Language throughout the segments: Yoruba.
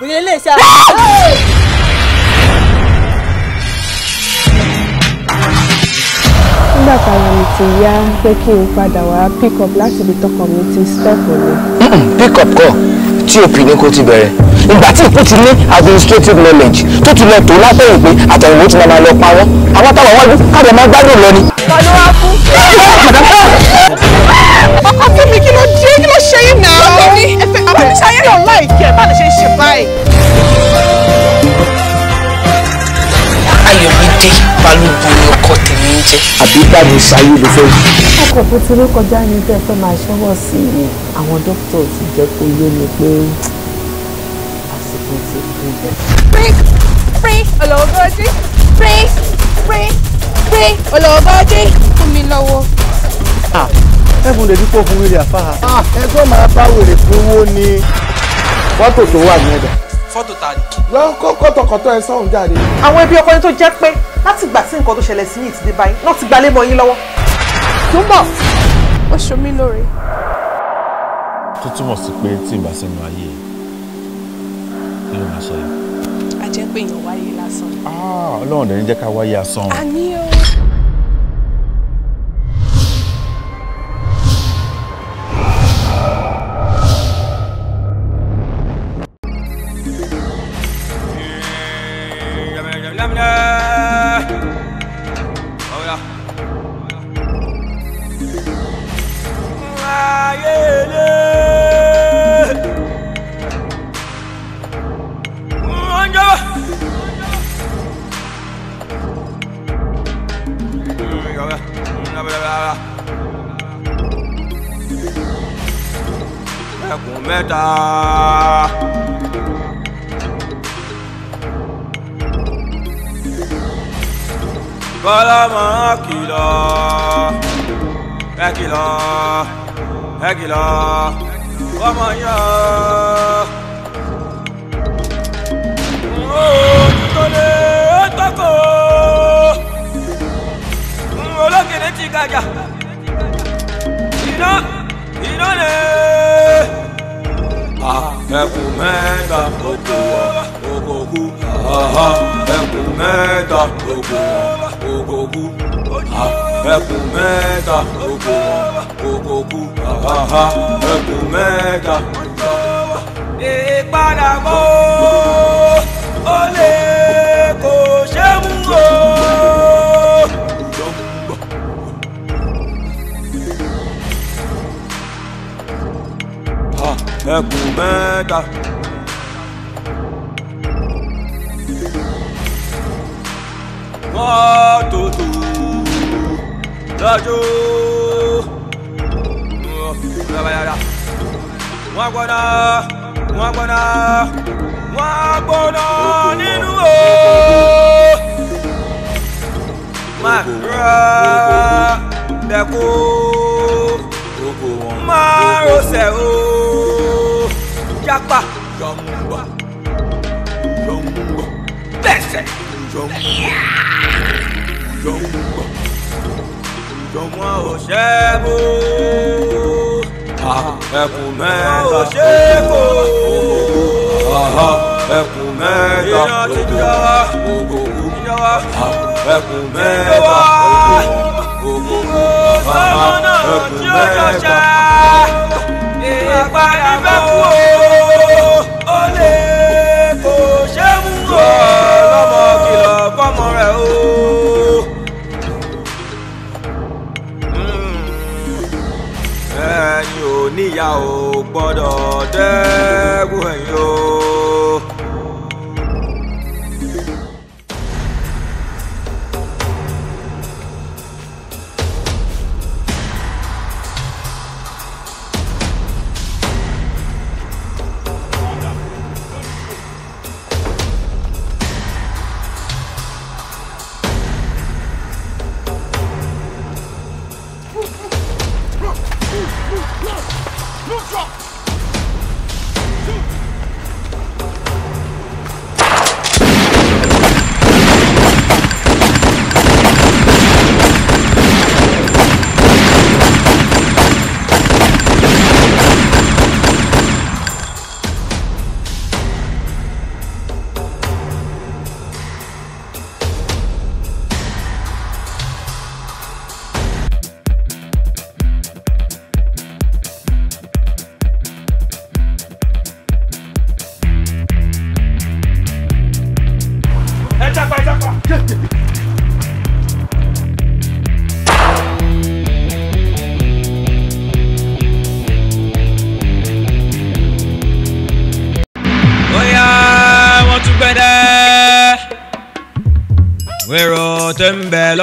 Bèrè lè ṣe àwọn. Nígbà tára mi ti yá pé kí n padà wá pick up láti ibi tọkọ mi ti stop mi. Pick up kọ́ tí òpin ni kò ti bẹ̀rẹ̀. Ìgbà tí ìkú ti ní administrative knowledge tó ti lọ tó látẹ̀yìn pé àtẹ̀yìnwó ti máa lọ pa wọ́n. Àwọn táwọn wájú káàdì máa gbádùn lọ ni. Ìkànnì fún ọkọ fún mi kí ló dé kí ló ṣe yín náà. ọkọ mi ẹfẹ àbẹ̀mísà yẹn yọ̀ láì kí ẹ bá lè ṣe ṣe báyìí. ayọ̀mídé balógun ni ọkọ tèmi ń jẹ. àbí báyìí sáyé ló fẹ́. ọkọ̀ tó ti rí kọjá ní bẹ́ẹ̀ fẹ́ máa ṣọwọ́ sí i àwọn dókítà ti jẹ́ kó yé mi pé àsìkò ti kú bẹ́ẹ̀. pray pray ọlọ́ọ̀bọ́dé pray pray pray ọlọ́ọ̀bọ́dé fún mi lọ́wọ́. Ah ẹ̀bùn lè dípò fún wèrè àfáà. Ah, ẹgbẹ́ máa bá wèrè fún owó ni fọ́tò tó wà ní ẹ̀dá. fọ́tò ta ni. lọ kọ́tọ̀kọ́tọ̀ ẹ sọ̀hún jáde. àwọn ẹbí ọkọ yín tó jẹ́ pé láti ìgbà tí nǹkan tó ṣẹlẹ̀ sí yìí ti dé báyìí náà ti gbalé mọ́ yín lọ́wọ́. túbọ̀ ó ṣomi lóore. tó túmọ̀ sí pé tí ìgbà sínú ayé ẹ ló máa ṣẹlẹ̀. a jẹ́ pé èèyàn wáyé lásán. Ah, ọlọ́run dẹ̀ ní jẹ́ ká wáyé asán. àní o. ẹkùn mẹ́ta. kọ́lá máa kìlọ̀ ẹ kìlọ̀. Hegila, Wamaya. Ojútọ́lé tọ́kọ̀ olókèlè ti gàjà. Iná iná lè. Ẹkùn mẹ́ta gbogbo ògògù. Ẹkùn mẹ́ta gbogbo ògògù ẹkùn mẹ́ta òkò wọn kòkò kú àhàhà ẹkùn mẹ́ta. ìpadà bọ́ ó lè kò ṣe mú o. ẹkùn mẹ́ta. mọ́tò tó lọ́jọ́ wọ́n gbọ́dọ̀ wọ́n gbọ́dọ̀ wọ́n gbọ́dọ̀ nínú o máa rà dẹ́kú máa rọ̀ṣẹ̀ o jápa yọ̀mùgbà yọ̀mùgbà bẹ́sẹ̀ yọ̀mùgbà yọ̀mùgbà ṣùgbọ́n ò ṣe é bó. ẹkùn mẹ́ta ò ṣe é bó. ẹkùn mẹ́ta ò ṣe é bó. ẹkùn mẹ́ta ò ṣe é bó. ẹkùn mẹ́ta ò ṣe é bó. ìpàdé bẹ́ẹ̀ kú o.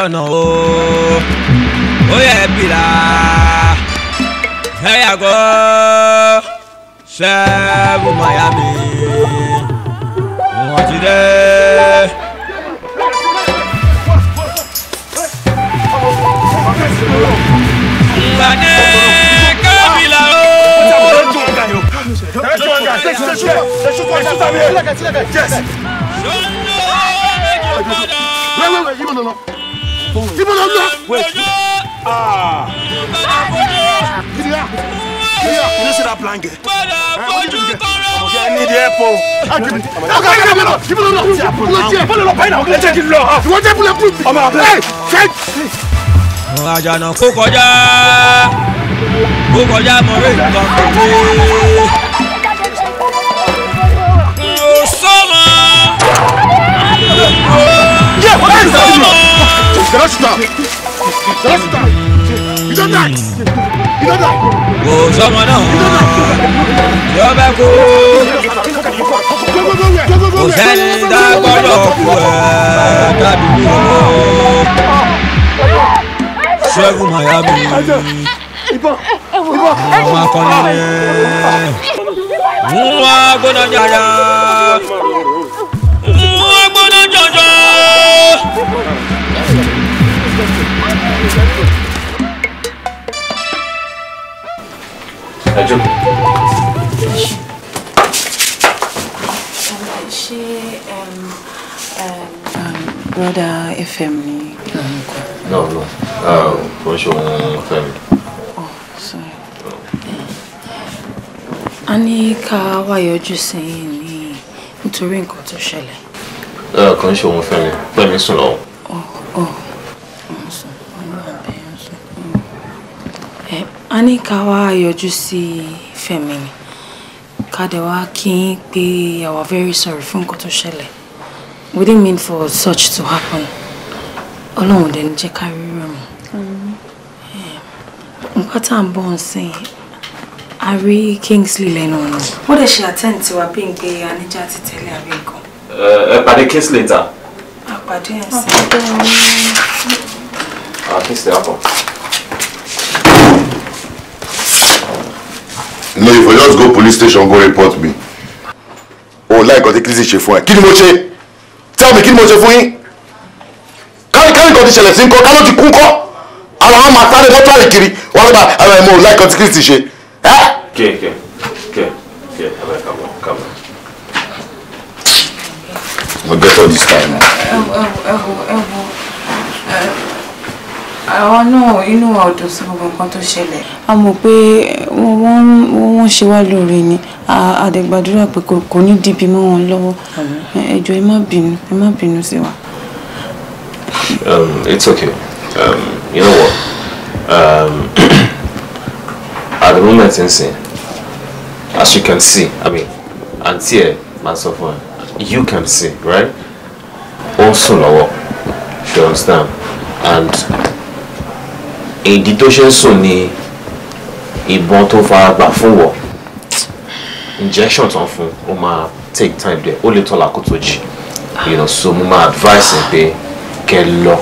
ọ̀nà o ó yẹ bìlà ẹ yàgò ṣẹ́ẹ̀bù Miami wọ́n ti dé. Ìgbàdé kábìlà o. Yes. No, no, no, ibo ló ń lọ. Ah. you no see that plan get. I need the help o. Ọkọ akẹ́kẹ́ mi lọ, ibo ló lọ, ibo ló lọ, báyìí náà ọkùnrin jẹ́ kí n lọ. Ìwọ jẹ́ bullet proof. Ọmọ abẹ́rẹ́. Àjànà kó kọjá, kó kọjá mọ̀rẹ́ nǹkan kọjá. Yeah, what is You don't stop. You don't stop. You don't die. You don't die. go sọ́mọ go Yọ go kú. go sẹ́ni go kú go dábìlì go Ṣẹ́gun go Àwọn go rẹ̀. Mú agbóná jàjà. Mú agbóná jàjà ẹ jókòó. ṣé broda fm ni òun kọ. no no ah, kò ń ṣe òun fẹ́mi. oh sorry. a ní ká wáyọjú sí i ní nítorí nǹkan tó ṣẹlẹ̀. Ah, kò ń ṣe òun fẹ́mi fẹ́mi sùn lọ́wọ́. oh oh. a ní ká wá yọjú sí Fẹ́mi ni ká dẹ̀ wá kí n pé I was very sorry fún nǹkan tó ṣẹlẹ̀ we didn't mean for such to happen ọlọ́run dẹ̀ ní jẹ́ ká rí rẹ̀ mọ́ eh, nǹkan tá à ń bọ̀ ń sìn a rí Kingsley lẹ́nu ọ̀nà ó dẹ̀ ṣe attend tiwa bí n pé anija ti tẹ̀lé àbí nǹkan. Eh, ẹ pàdé Kingsley ta. àpàdé ẹ̀ sìn. àpàdé ẹ̀ sìn. Ah, Kingsley àpọ̀. no you for just go police station go report me. Oh, like kan the crazy ṣe fún ẹ kí ni mo ṣe tell me kí ni mo ṣe fún yín kárí kárí kan ti ṣẹlẹ̀ sí nǹkan kálọ́ ti kú kọ́ àwọn you. máa sáré mọ́tàrí kiri wọ́n lọ́ba àwọn ẹ̀mọ́ o láì kan tí Lizzy ṣe. kẹ kẹ kẹ kẹ abẹ́ kàwọ́ kàwọ́. mo get all this time. ẹ wo ẹ wo ẹ àwọn náà inú wa sí gbogbo nǹkan tó ṣẹlẹ̀. a mọ̀ pé wọ́n ṣe wá lóore ni àdẹ̀gbàdúrà pé kò ní dìbì mọ́ wọn lọ́wọ́ ẹ ẹ má bínú ẹ má bínú sí wa. Um, it's okay um, you know what um, at the moment n as you can see i mean aunty ẹ máa sọ you can see right Also, ń you understand and ìdí tó ṣe ń sùn ni ìbọn tó fara gbà fún wọ injection tán fún ó máa take time there ó lè tán làkótó jì you know so mo máa advice ẹ pé kẹ́ lọ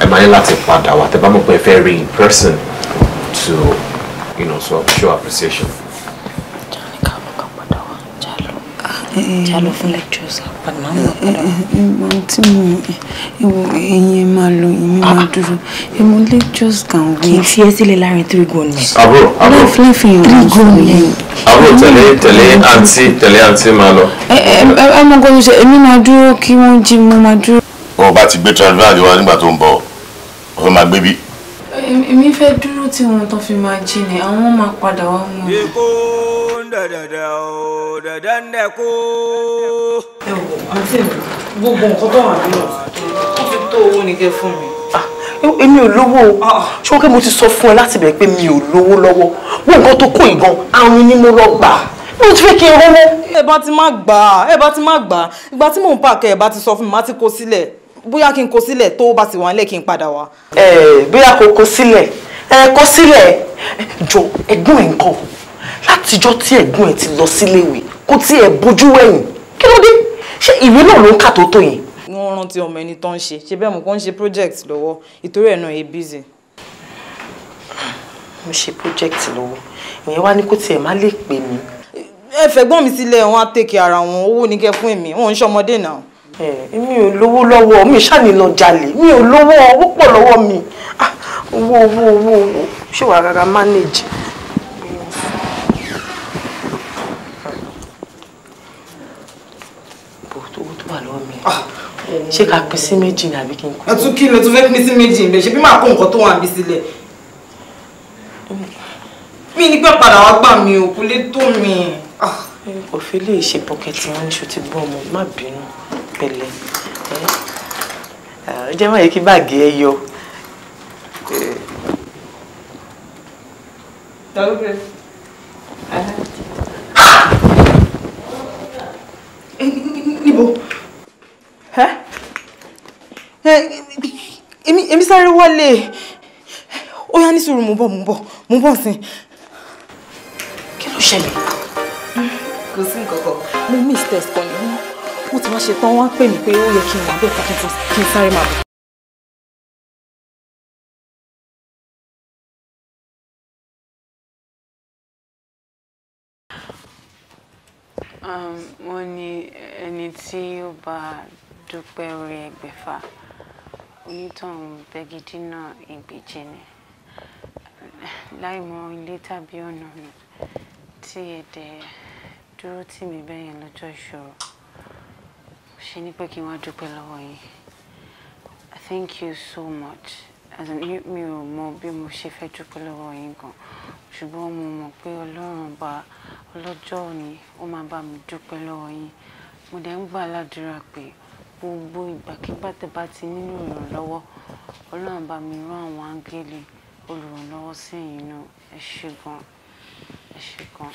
ẹ máa ní láti padà wá tẹ́ bá mọ̀ pé ẹ fẹ́ rí in person to you know so show appreciation. já lọ fún lectures àpàdé máa ń lọ padà. ìmọ̀ tí mo ìwọ ẹ̀yin máa lọ ìyẹn máa dúró ìmọ̀ lectures kan wí. kì í fi ẹ́ sílẹ̀ láàrin tírígò ni. àbúrò àbúrò láìfín tírígò ni. àbúrò tẹ̀lé tẹ̀lé àǹtí tẹ̀lé àǹtí máa lọ. ẹ ẹ ẹ mọ kó ṣe èmi máa dúró kí wọ́n jí mo máa dúró. o bá ti gbé transvaal wa nígbà tó ń bọ̀ o fẹ́ máa gbé bí. èmi fẹ́ dúró tí wọn tó fi máa jí ni àwọn máa padà wá mú un da da da o da da da ko. ẹ wò àǹtí mi gbogbo nǹkan tó wà nínú ó fi tó owó ní kẹ fún mi. èmi ò lówó o ṣùgbọ́n kí mo ti sọ fún ẹ láti bẹ̀rẹ̀ pé mi ò lówó lọ́wọ́ wọ́n nǹkan tó kó ìgan àrùn ni mo lọ gbà mo ti fẹ́ kí n rówó. ẹ bá ti má gbà á ẹ bá ti má gbà á ìgbà tí mò ń pàkẹ́ ẹ bá ti sọ fún mi má ti kó sílẹ̀ bóyá kí n kó sílẹ̀ tó bá ti wà nílẹ̀ kí n padà wá. ẹ bóyá kó kó sílẹ̀ ẹ kó sílẹ̀ jọ ẹ̀gbọ́n ẹ nǹkan látijọ́ tí ẹ̀gbọ́n ẹ̀ ti lọ síléèwé kó tí ẹ̀ bójú ẹ̀yìn kí ló dé ṣé ìwé náà ló ń kà tó tó yẹn. wọ́n rántí ọmọ ẹni tó ń ṣe ṣe bẹ́ẹ̀ mo kàn ń ṣe project lọ́wọ́ ìtorí ẹ̀ náà yẹ busy. mo ṣe project lọ́wọ́ ìyẹn wá ní kó tiẹ̀ má lè pè mí. ẹ fẹ̀gbọ́n mi sílẹ̀ wọn á tèkè ara wọn owó ní kẹ fún èmi wọn ò ń ṣọmọdé náà. mi ò lówó lọ́wọ́ mi ṣáàní lọ jalè mi ò lówó owó pọ̀ lọ́wọ́ mi ah, owó owó owó owó ṣé wàá rárá manage Ah, ṣé ká pín sí méjì ni àbí kí n kú. ẹtú kí ló tún fẹ́ pín sí méjì ń bẹ ṣe bí màá kó nǹkan tó wà níbi sílẹ̀. mi ní pẹ́ padà wá gbà mí òkú lé tó mi. Ah. kò fi lè ṣe pọkẹtì wọn níṣó ti gbọ́ ọmọ má bínú pẹ̀lẹ́ eh, jẹ́ mọ̀ yìí kí báàgì ẹ yọ. Eh. níbo èmi èmi sáré wọlé ó yá ní sùúrù mú bọ̀ mú bọ̀ mú bọ̀ sí kí ló ṣẹlẹ̀ kò sí nǹkan kan mo miss test kan ni wọ́n ti wá ṣe tán wọ́n á pè mí pé ó yẹ kí n wà bẹ́ẹ̀ kí n sáré máa bọ̀. Um, wọ́n ní ẹni tí ó bá dúpẹ́ orí ẹgbẹ̀fà onítọ̀hún bẹ́gidínà ìgbèjì ni láì mọ ilé tàbí ọ̀nà mi tí ẹ̀dẹ̀ dúró tì mí bẹ́yẹn lọ́jọ́ ìṣòro ṣe ni pé kí wọ́n dúpẹ́ lọ́wọ́ yín thank you so much as an mi ò mọ bí mo ṣe fẹ́ dúpẹ́ lọ́wọ́ yín gan ṣùgbọ́n mo mọ̀ pé ọlọ́run bá ọlọ́jọ́ òní ó máa bá mi dúpẹ́ lọ́wọ́ yín mo dẹ̀ ń gbàládùra pé gbogbo ìgbàkígbà tẹ́ ìrànlọ́wọ́ ọlọ́run bá mi rán àwọn áńgẹ́lì olùrànlọ́wọ́ sí yìí ẹ ṣé gan ẹ ṣé gan.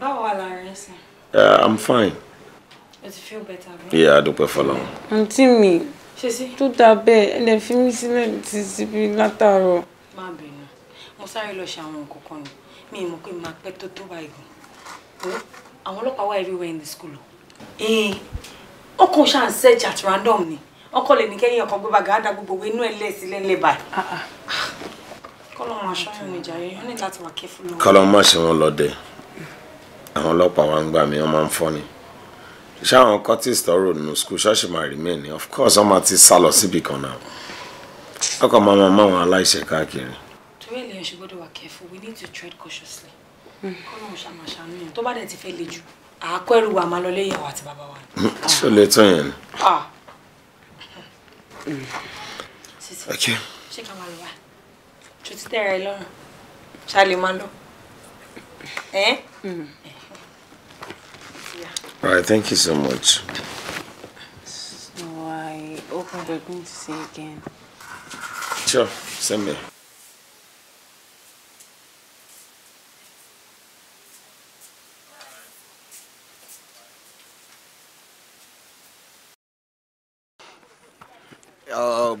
báwo wà lára ẹ uh, i'm fine. o ti feel better bí. ìyá àdúpẹ́ àǹtí mi tó dáa bẹ́ẹ̀ ẹ lè fi mí sílẹ̀ ti síbi látàárọ̀. má bínú mo sáré lọ ṣe àwọn nǹkan kan nù mi ì mọ̀ pé màá pẹ́ tó tó báyìí àwọn ọlọ́pàá wà everywhere in the school eh, ọkọ̀ ṣáà ń search at random ni ọkọ̀ lè ní kẹ́yìn ọkọ̀ gbọ́ba gàdá gbogbo owó inú ẹ̀ lẹ́sílẹ̀ ńlẹ̀ báyìí. kọ́lọ́run aṣọ yẹn nìjà yẹn ní láti wà kẹ́fù lọ. kọ́lọ́run má ṣe wọn lọ́dẹ àwọn ọlọ́pàá wa ń gbà mí wọ́n máa ń fọ́ ni ṣáwọn curtis tọrọ nínú school ṣọ́ọ̀ṣì máa remain ni of course wọ́n máa ti sá lọ síbi kan náà ọkọ̀ máa máa máa wọn aláìṣẹ̀ káàkiri. torí ẹ̀ lè ṣe gbọ́dọ̀ wà kẹ́fù we need to tread cautiously kọ́nà ṣàmàṣàánú yẹn tó bá dẹ̀ ti fẹ́ le jù àákọ́ ẹrù wa máa lọ lé ìyàwó àti bàbá wa. ṣé lè tán yẹn ni. ṣé ká máa lọ wá tó tẹ́ra ẹ lọ́rùn ṣá lè máa lọ. All right, thank you so much. So I open the room to say again. Sure, send me.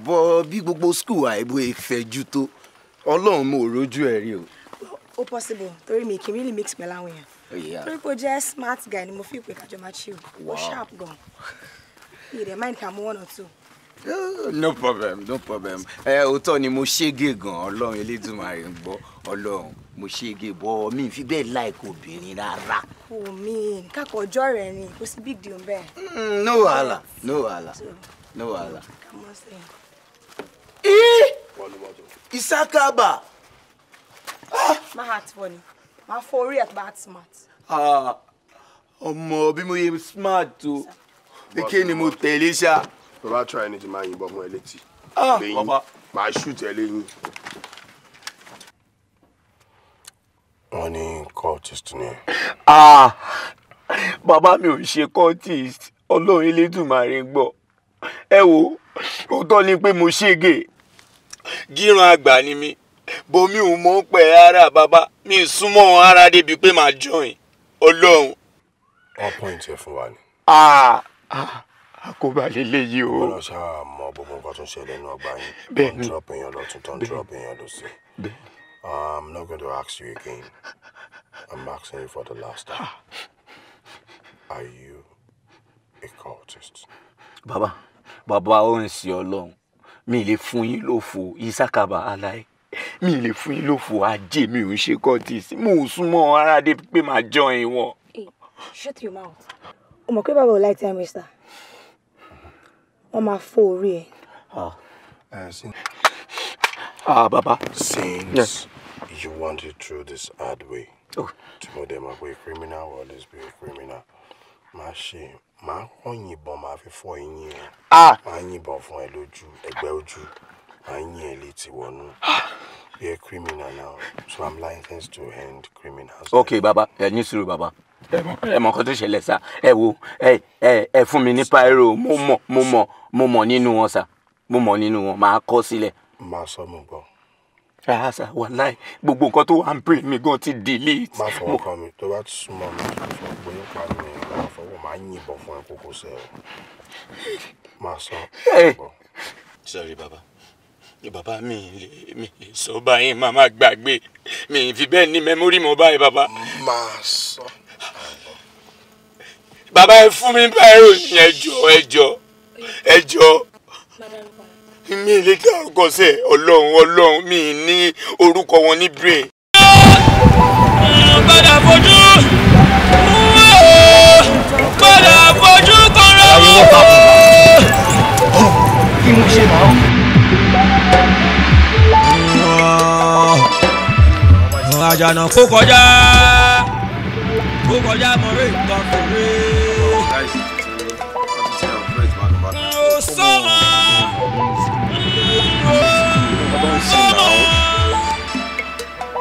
bọ bí gbogbo skul àìbò ìfẹ́jú tó ọlọ́run mo rojú ẹ̀ rí o. ó possible torí mi kì í really mix pẹ̀lú àwọn èèyàn oh, torí pé jẹ́ smart guy ni mo fi ìpè kájọ máa chill ó sharp gan mi rẹ̀ mind kà mú one or two. Oh, no problem no problem ẹ òótọ́ ni mo ṣége gan ọlọ́run elédùnmarè ń gbọ́ ọlọ́run mo ṣége bọ́ mi fi bẹ́ẹ̀ láìkó obìnrin rárá. omi kakọjọ rẹ ni kò sí big deal bẹ́ẹ̀. Hmm, no wahala no wahala. So, No wahala. Ii! Isakaba! Ah. My heart funny. My for real bad smart. Ah. Ọmọ bí mo yẹ smart o. Eke ni mo tẹ̀lé ṣá. Tó try anything máa yìnbọn mọ́ ẹ létí. Ah, Baba, Màá shoot ẹ lẹ́yìn. Wọ́n ní cultist ni. Ah! Bàbá mi ò ṣe cultist. Ọlọ́run Elédùmarè ń gbọ́ ẹ wo òótọ́ ni pé mo ṣègè gíran àgbà ni mi bomi ò mọ̀ pẹ́ ara bàbá mi súnmọ́ ara débi pé màá join ọlọ́run. wọ́n point ẹ̀ fún wa ni. àkóbá lélẹ́yìí o. wọ́n lọ ṣáà mọ gbogbo nǹkan tó ń ṣẹlẹ̀ ní ọgbà yín. tó ń drop èèyàn lọ́tún tó ń drop èèyàn lọ́sẹ̀. bẹ́ẹ̀ni. I'm not going to ask you again. I'm asking you for the last time. Are you a cultist? Baba, Baba, ó ń sin ọlọ́run mi lè fún yín lófo ìsákàbà aláì mi lè fún yín lófo ajé mi ò ń ṣe kọ́tìsì mo ò súnmọ́ ara pé màá join wọn. shut your mouth o mọ̀ pé bàbá ò láì tí a mẹ́ sà wọ́n máa fọ́ orí ẹ̀. ah Baba. Eh, since ah, yes. you want it through this hard way. Oh. tomorrow dem go be a criminal or always be a criminal má ṣe máa kọ́ yìnbọn máa fi fọ́ eyín ẹ ah! máa yìnbọn fún ẹ lójú ẹgbẹ́ ojú máa yín ẹ létí wọnú be ah! a criminal now so i'm licensed to end criminals. ok baba ẹ ní sùúrù baba ẹ mọ nǹkan tó ṣẹlẹ̀ sá ẹ wo ẹ ẹ ẹ fún mi ní pyro mo mọ mo mọ mo mọ nínú wọn sá mo mọ nínú wọn máa kọ sílẹ̀. máa sọ mo gbọ́. rárá ah, sá wàláì gbogbo nǹkan tó wà ń pè mí gan ti delete. má fọwọ́ kan mi tó bá súnmọ́ mi fún ọgbẹ́ ìpàdé yìnbọn fún àkókò sẹ o máa sọ ọ. sọrí bàbá ni bàbá mi lè mi lè sọ báyìí máa má gbàgbé mi fi bẹ́ẹ̀ ní mẹ́mórì mọ́ báyìí bàbá. máa sọ. bàbá ẹ fún mi báyìí ní ẹjọ ẹjọ ẹjọ mi lè dá orúkọ sẹ Ọlọ́run Ọlọ́run mi ní orúkọ wọn ní brain. ọ̀ọ́ padà fojú gbọ́dọ̀ fojú kan lọ́wọ́. kí àjànà kó kọjá kó kọjá mọ̀rẹ́ ìtàn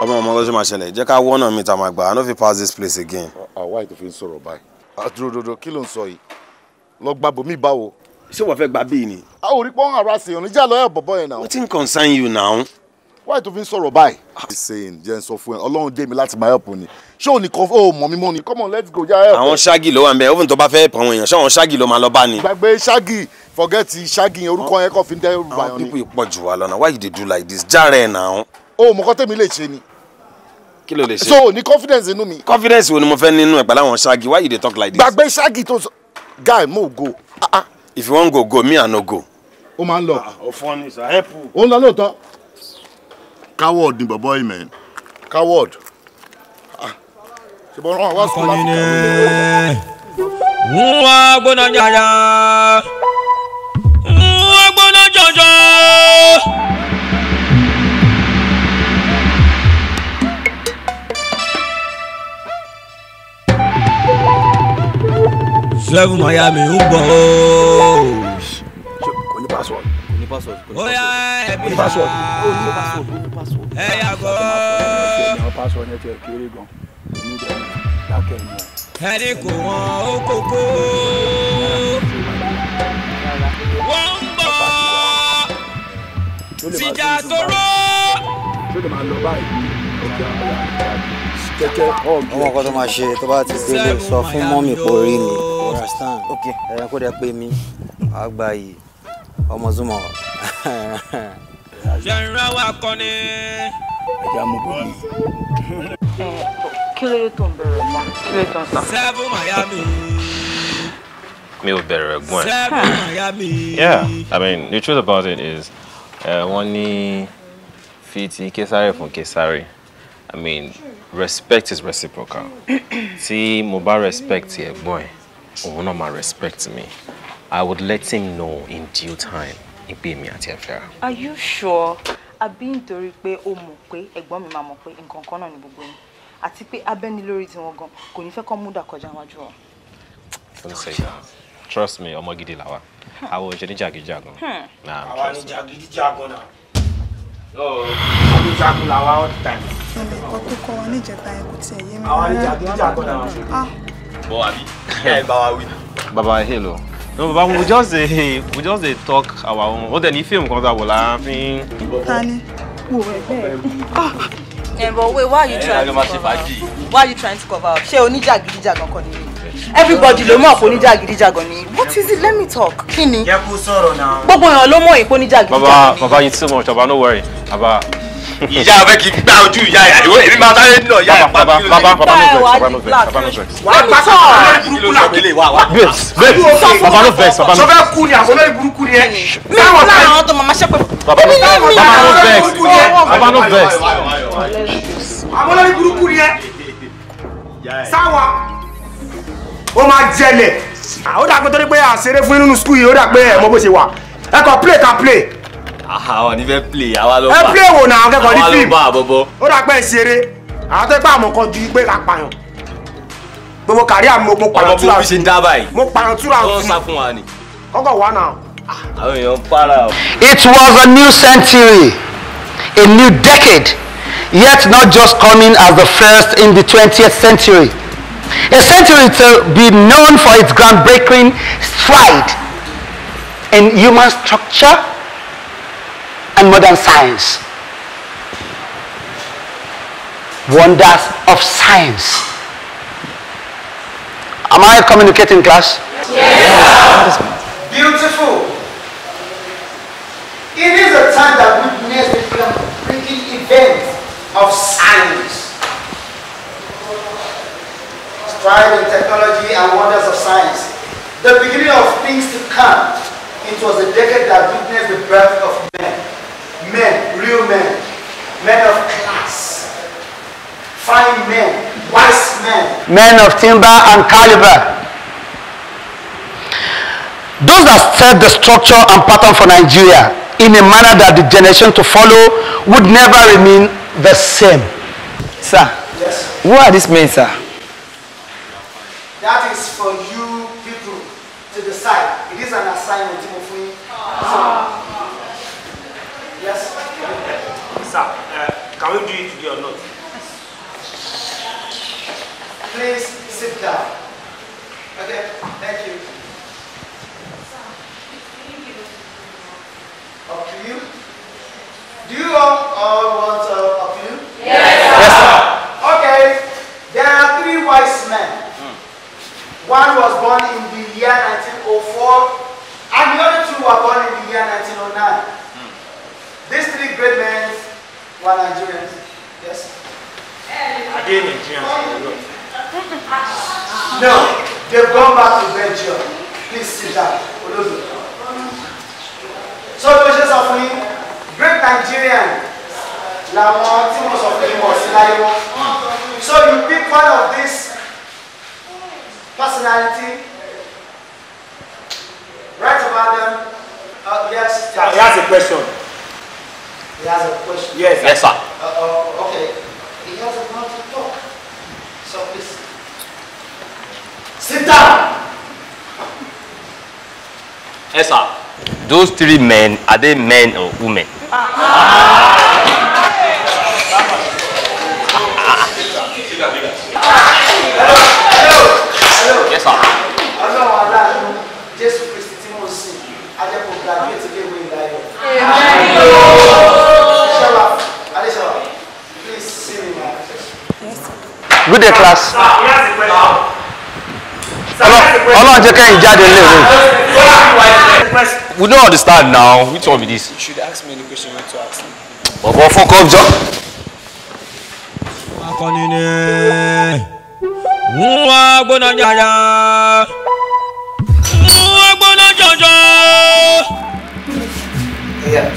ọmọ ọmọ lọ́jọ́ máa ṣẹlẹ̀ jẹ́ ká wọ́nà mi ta máa gbà i no fit pass this place again. àwa ètò fi ń sọ̀rọ̀ báyìí àdúródòdò kí ló ń sọ yìí lọ gba bòmí báwo. ṣé wàá fẹ́ gba bíi ni. a ò rí pọ́n ara sí ọ̀run jà lọ́yọ̀ bọ̀bọ̀ yẹn náà. wetin concern you now. why tó fi ń sọ̀rọ̀ báyìí. ṣe ah. sẹ́yìn jẹ́ ń sọ fún ẹ ọlọ́run dé mi láti máa help ni ṣé ò ní kọ́ ó mọ̀ mi mọ́ ni come on let's go já help. àwọn ṣáàgì ló wà ń bẹ ó fún tó bá fẹ́ pọ̀ àwọn èèyàn ṣé àwọn ṣáàgì ló máa lọ bá ni. gbàgbé ṣáàgì forget ṣáàgì yẹn orúkọ yẹn kò fi ń dẹ́rù bàyàn ni. àwọn pípọ̀ ìpọ̀jù wa lọ́nà why you dey do like this? járe náà. o mọ̀kọ́ tèmi lè ṣe ni kí ló lè ṣe. so ní confidence inú mi. confidence wo ni mo fẹ́ nínú ẹ̀ pẹ̀lú àwọn ṣáàgì why you dey talk like this. gbàgbé ṣáàgì tó sọ guy mo go. Ah ah. if you wan go go me i no go. ó máa ń lọ. ọ̀fọ́n ah, ni sir help. ó ń lọ lóòótọ́. coward ni bọ̀bọ́ yìí mẹ́rin. coward. ṣe bọ́ wọn wá sọ wá sí. wọ́n gbóná yàrá wọ́n gbóná jọjọ. twelve miami ń bọ̀ ooo. kò ní password. kò ní password. ó yá ẹ̀mí yá ẹ̀ yàgò. ẹ̀yàn password yẹn ti ẹ̀ kéré gan. èmi dẹ̀ dákẹ́ mi. ẹni kò wọ́n ó kókó. wọ́n ń bọ̀ tíjà tó rọ́. ṣé lè máa lọ báyìí? kẹ́kẹ́ ọ̀gbìn. Oh, ọmọ ọkọ tó máa ṣe tó bá ti délé sọ fún mọ́mì kò rí mi ẹ̀rọ kó dẹ pé mi àgbà yìí ọmọ Zuma. ṣẹ̀ńrán wa kọ́ ni. ẹ̀jẹ̀ amúgbòmí. kí ló dé tó ń bẹ̀rẹ̀ mọ́ kí ló dé tó ń sá. Seven Miami. mi ò bẹ̀rẹ̀ ẹ̀gbọ́n ẹ̀. Seven hmm. Miami. yeah i mean the truth about it is eh, wọ́n ní fi ti Kesare fún Kesare i mean respect is reciprocal tí mo bá respect ẹ̀gbọ́n ẹ̀ òun náà máa respect me I would let him know in due time ìgbé mi àti ẹ̀fẹ́ rà. Are you sure? àbí nítorí pé ó mọ̀ pé ẹ̀gbọ́n mi máa mọ̀ pé nǹkan kan náà ni gbogbo yín àti pé abẹ́ni lórí tiwọn gan kò ní fẹ́ kọ́ múdà kọjá wájú ọ. don't say that trust me ọmọ gidi làwa hmm. àwọn òṣèré jàgídíjàgan. Hmm. àwa ni jàgídíjàgan náà ọdún jagun làwa all the time. ẹnìkan tó kọ́ wọn níjẹta ẹ kò tiẹ̀ yé mi. àwọn ìjà kan náà ṣe. bọ́ àbí ẹ bá wa wí. baba hello. No, baba, we just dey eh, we just dey eh, talk our own. Ó dẹ̀ ní fíìmù kan tá a wò Tani, wò ah! ẹ bẹ́ẹ̀. Ẹ̀rọ wait, why are you trying to cover up? Why are you trying to cover up? Ṣé oníjà gidijà gan-an kọ́ ni? everybody ló mọ̀ pé oníjà gidijagan ni what is it let me talk Kini. kí ni gbogbo èèyàn ló mọ̀ èèpo oníjà gidijagan ni. baba baba you too much baba no worry baba ìyá ọbẹ̀ kì í gba ojú ìyá ẹ̀ àdìwọ́ èmi máa sáré nínú Baba, Baba, Baba, lórí. bàbá Baba, no vex Baba, no vex. wà á ní sọ ọ̀rẹ́ burúkú náà kele wa wa. babes babes Baba, no vex Baba, no vex. sọfẹ́ kú ni àwọn ọlọ́rin burúkú ni ẹ. mi ò láàrin àwọn tó máa ṣe pé. Baba, no vex Baba, no vex. àwọn ọlọ́rin burúkú ni ẹ. sáwa ó máa jẹlẹ̀ ó dà torí pé àṣeré fún inú skul yìí ó dà pé bó ṣe wà ẹ kàn play ká play. àwọn ní fẹ́ play àwa ló bá ẹ play wò náà kẹ́kọ̀ọ́ ní fíìmù àwa ló bá àbọ̀bọ̀. ó dà ṣeré àwọn tó ń pa àmọ̀ kan ju pé ká pààyàn gbogbo kàrí àmì mo pààyàn túra fún mi mo pààyàn túra fún mi kọ́kọ́ wà náà. àwọn èèyàn para o. it was a new century a new decade yet not just coming as the first in the twentieth century. A century to be known for its groundbreaking stride in human structure and modern science. Wonders of science. Am I communicating, class? Yes. Beautiful. It is a time that witnessed the breaking event of science pride in technology and wonders of science. The beginning of things to come. It was a decade that witnessed the birth of men. Men, real men. Men of class. Fine men. Wise men. Men of timber and caliber. Those that set the structure and pattern for Nigeria in a manner that the generation to follow would never remain the same. Sir, yes. who are these men, sir? That is for you people to decide. It is an assignment, Timothy. Ah. Yes? Sir, uh, can we do it today or not? Please sit down. Okay, thank you. Up to you. Do you all, all want One was born in the year 1904, and the other two were born in the year 1909. Mm. These three great men were Nigerians. Yes? Again, Nigerians. No, they've gone back to Belgium. Please sit down. So, questions of me, great Nigerian So you pick one of these personality, Write about them. Uh, yes. Yes. He has a question. He has a question. Yes. Yes, sir. Uh, uh, okay. He has want to talk. So please sit down. Yes, sir. Those three men, are they men or women? Ah. Ah. Ah. good day class. Ọlọ́run jẹ́ kẹ́yìn jáde lè rè. We don't understand now. Which one be this? You should ask me the to ask me. Bọ̀bọ̀ fún kọ́jọ́. Akọni ni wọ́n gbóná yàrá. Wọ́n gbóná jọjọ. Yeah,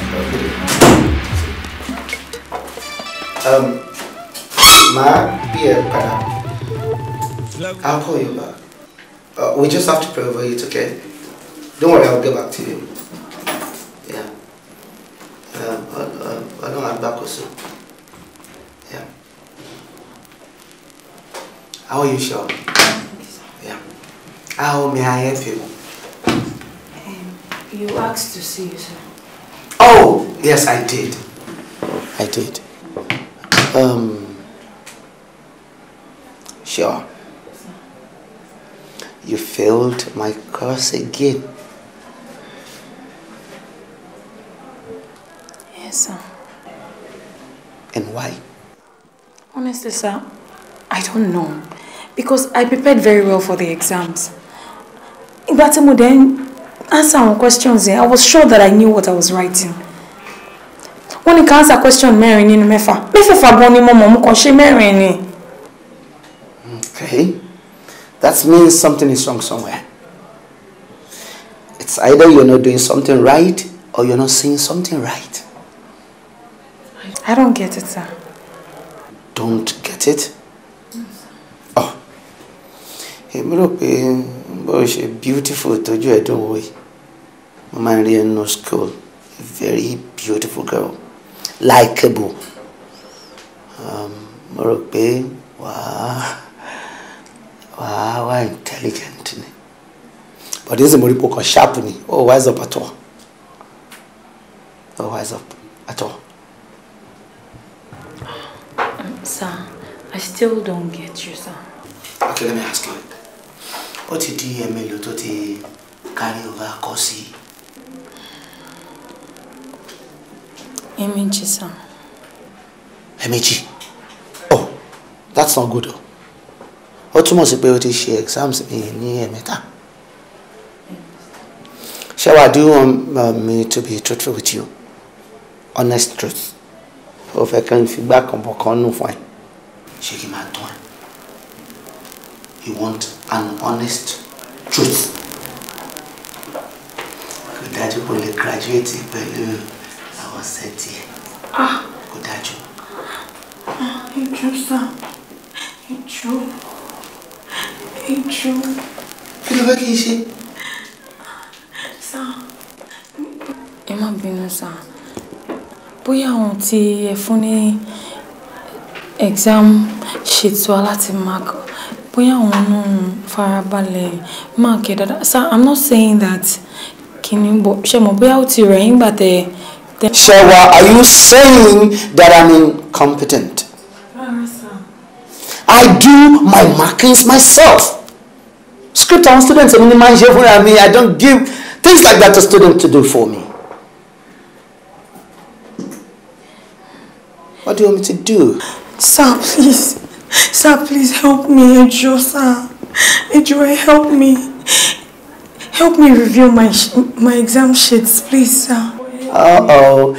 um, peer para. I'll call you back. Uh, we just have to pray over it, okay? Don't worry, I'll get back to you. Yeah. Um, I'll, I'll, I'll back also. Yeah. How are you, sure? Yeah. How may I help you? Um, you asked to see you, sir. Oh, yes, I did. I did. Um, Sure. You failed my course again. Yes, sir. And why? Honestly, sir, I don't know. Because I prepared very well for the exams. Ìgbà tí mo dẹ̀ answer our questions there, I was sure that I knew what I was writing. When ní ká answer question mẹ́rin nínú mẹ́fà. Mẹ́fẹ̀ẹ̀fà gan ni mo mọ̀ mo kàn ṣe mẹ́rin ni. That means something is wrong somewhere. It's either you're not doing something right or you're not seeing something right. I don't get it, sir. Don't get it? Oh. hey, rò pé beautiful to you, I don't máa ń rí school. A very beautiful girl. Likeable. Um, mo Wow. wàá wá intelligent ni bọ̀dé sì mo rí pokàn sharp ni oh wise up at all oh wise up at all. sir, I still don't get you, sir. Okay, let me ask you. Ó ti di ẹ̀mélòó tó ti carry over kọ́ sí? Ẹ̀mejì, sir. Ẹ̀mejì? Oh, that's not good. Oh ó túmọ̀ sí pé o ti ṣe exams mi ní ẹ̀mẹ́ta ṣẹ́wà do you want um, me to be truthful with you honest truth o fẹ́ kí n fi gbá kan bọ̀ kan nù fún ẹ ṣé kí n máa tán ẹ you want an honest truth kò dájú kò lè graduate pẹ̀lú àwọn sẹ́ẹ̀tì ẹ ah. kò dájú. Ah, ẹ jọ sá ẹ jọ ìjọ. kí ló fẹ́ kí n ṣe. sá ẹ má bínú sá bóyá àwọn tí ẹ fún ní exam ṣètò aláti mark bóyá àwọn náà farabalẹ̀ mark ẹ̀ dáadáa i'm not saying that kìíní bọ̀ ṣe mọ̀ bóyá ó ti rẹ̀ yín gbà tẹ̀. ṣẹwa are you saying that i'm incompetent? I do my markings myself script on students and ni máa ń ṣe i don't give things like that to students to do for me. What do you want me to do? Sir, please. Sir, please help me. Ejo, sir. Ejo, help me. Help me review my my exam sheets, please, sir. Uh-oh.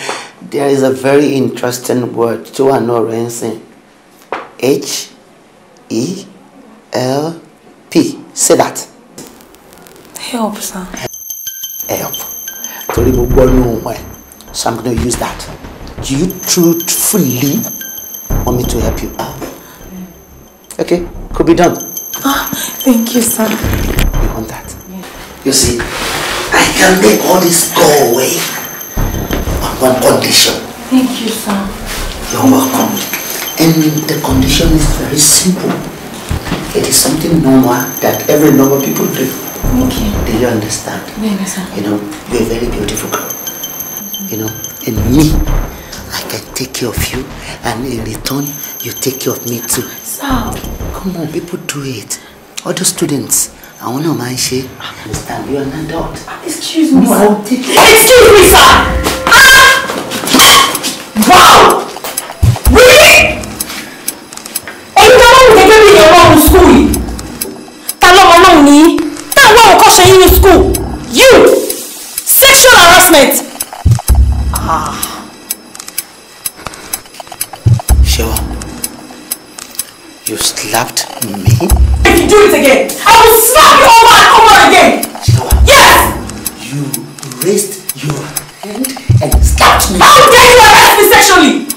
There is a very interesting word to anorensin. H E L P say that. help sir. help torí mo gbọ́ nù wọn so i'm gonna use that do you truthfully want me to help you. Ah. okay could be done. ah thank you sir. you want that. Yeah. you see i can make all this go away on one condition. thank you sir. you're welcome and the condition is very simple. It is something normal that every normal people do. Okay. Do you understand? yes, sir. You know, you're a very beautiful girl. You know, and me, I can take care of you, and in return, you take care of me too. Sir. Come on, people do it. Other students, I want to ń she. Understand? You're an adult. Excuse me, no, sir. I'll take Excuse me, sir. wọ́n ṣe yín school you sexual harassment. Ah. Shewa, you slapped me. If you do it again, I will slap you over and over again. Shewa, yes. You raised your hand and slapped me. How dare you harass me sexually?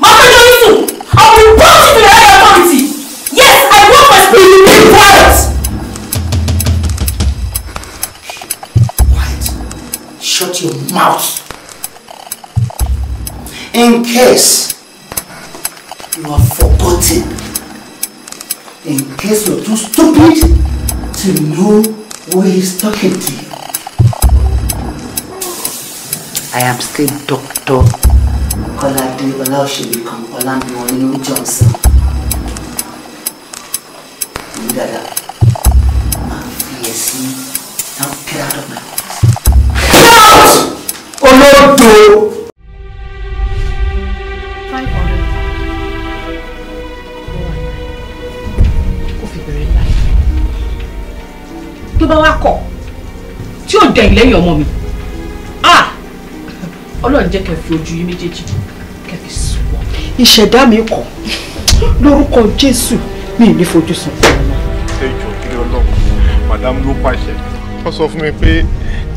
mouth. In case you are forgotten, in case you are too stupid to know who is talking to you. I am still Dr. Kolade Olaosebikan Olamiwa Ninu Johnson. Dada, máa fi ẹ̀sìn náà pẹ́rẹ́ àdọ́gbà yìí o. tó bá wá kọ̀ tí ò dẹ̀ ìlẹ́yìn ọmọ mi ọlọ́run jẹ́ kẹ́ fi ojú yín méjèèjì kẹ́ fi sùn. ìṣẹ̀dá mi kọ̀ lórúkọ jésù mi ì ní fojú sùn. ṣé ìjọ kiri ọlọ́run madam ló pàṣẹ wọ́n sọ fún mi pé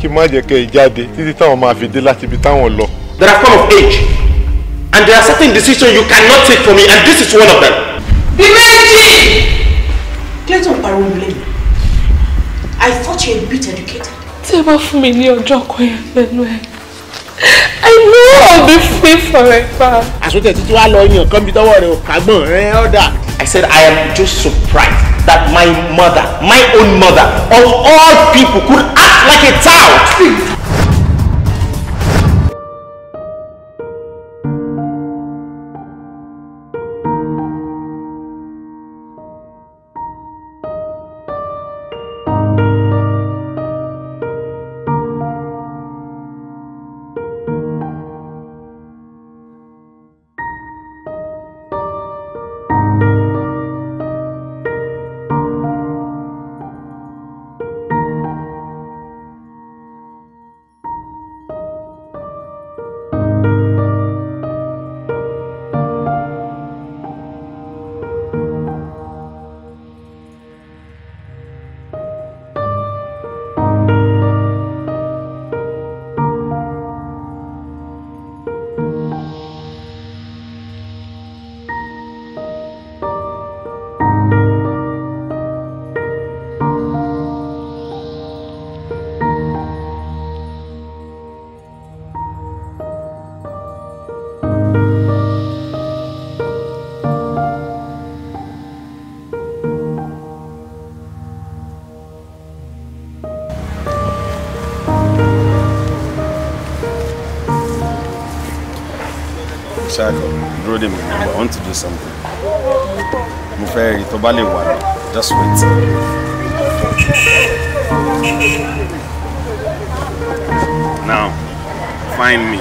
kí má jẹ́ kẹ́ ẹ jáde títí táwọn máa fi dé láti ibi táwọn lọ. there are come of age and there are certain decisions you cannot take for me and this is one of them. bí méjì. clayton pariwo mi i thought you were a bit educated. tí ẹ bá fún mi ní ọjọ́ kan yẹn pẹ̀lú ẹ i know i'll be free forever. àsọtẹ títí wàá lọ yan kán bí tọwọ́ rẹ ò kágbọn ẹ ọdà. i said i am just surprised that my mother my own mother of all people could. like it's out. ṣáàkọ̀ dúró dè I want to do something mo fẹ́ rí tó bá lè wà ní just wait. now find me.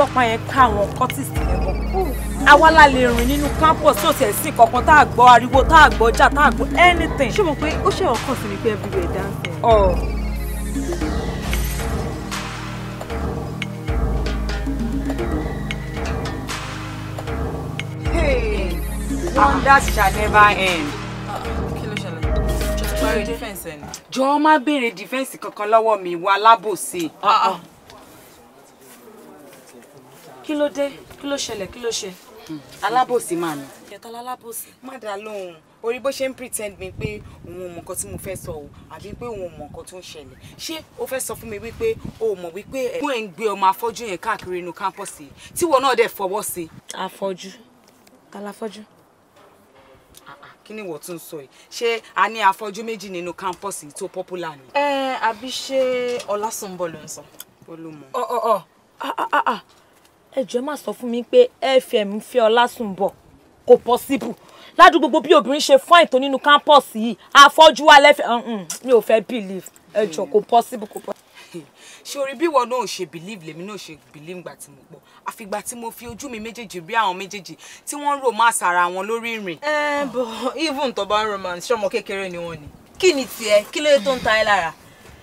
ọlọ́pàá yẹn ká àwọn cultist yẹn bọ̀ àwa la lè rìn nínú campus tí ò tẹ̀ sí kankan tá a gbọ́ ariwo tá a gbọ́ ọjà tá a gbọ́ anything. ṣé mo pé ó ṣe ọkàn sí mi pé ẹbí rẹ̀ dáńtẹ̀. wonders shall never end. jọ máa béèrè defense kankan lọ́wọ́ mi wà lábòsí. Ah, ah kí ló dé kí ló ṣẹlẹ̀ kí ló ṣe. alábòsí máa ní. ìyàtọ̀ alábòsí. má dá lóhùn orí bó ṣe ń pretend mi pé òun ò mọ nǹkan tí mo fẹ́ sọ o àbí pé òun ò mọ nǹkan tó ń ṣẹlẹ̀ ṣé o fẹ́ sọ fún mi wípé o ò mọ̀ wípé ẹ̀ fún ẹ̀ ń gbé ọmọ afọ́jú yẹn káàkiri inú kámpọ̀sì tí wọn náà dẹ̀ fọwọ́ sí. afọ́jú tálàfọ́jú ah, ah, kí ni wọ́n tún sọ yìí ṣé a ní afọ́jú méjì nínú kámpọ́ọ̀sì tó popular ni. ẹ àbí ṣé ọlásùnbọ ló ń sọ. olùmọ. ọ ọ ọ ẹ jọ̀ọ́ má sọ fún mi pé fm ń fẹ́ Ọlásùnbọ̀ kò possible ládùúgbò gbogbo bí obìnrin ṣe fún àìtó nínú kámpọ̀sì yìí àfọ́jú alẹ́fẹ́ mi ò fẹ́ believe ẹ jọ̀ọ́ kò possible kò possible. ṣé orí bí ìwọ náà ṣe believe lèmi náà ṣe believe ngbà tí mo gbọ́ àfìgbà tí mo fi ojú mi méjèèjì rí àwọn méjèèjì tí wọ́n rò má sara wọn lórí ìrìn. ẹ bọ even tó bá ń romance ṣọmọ kékeré ni wọn ni kí ni tiẹ̀ kí lóye tó ń ta ẹ lára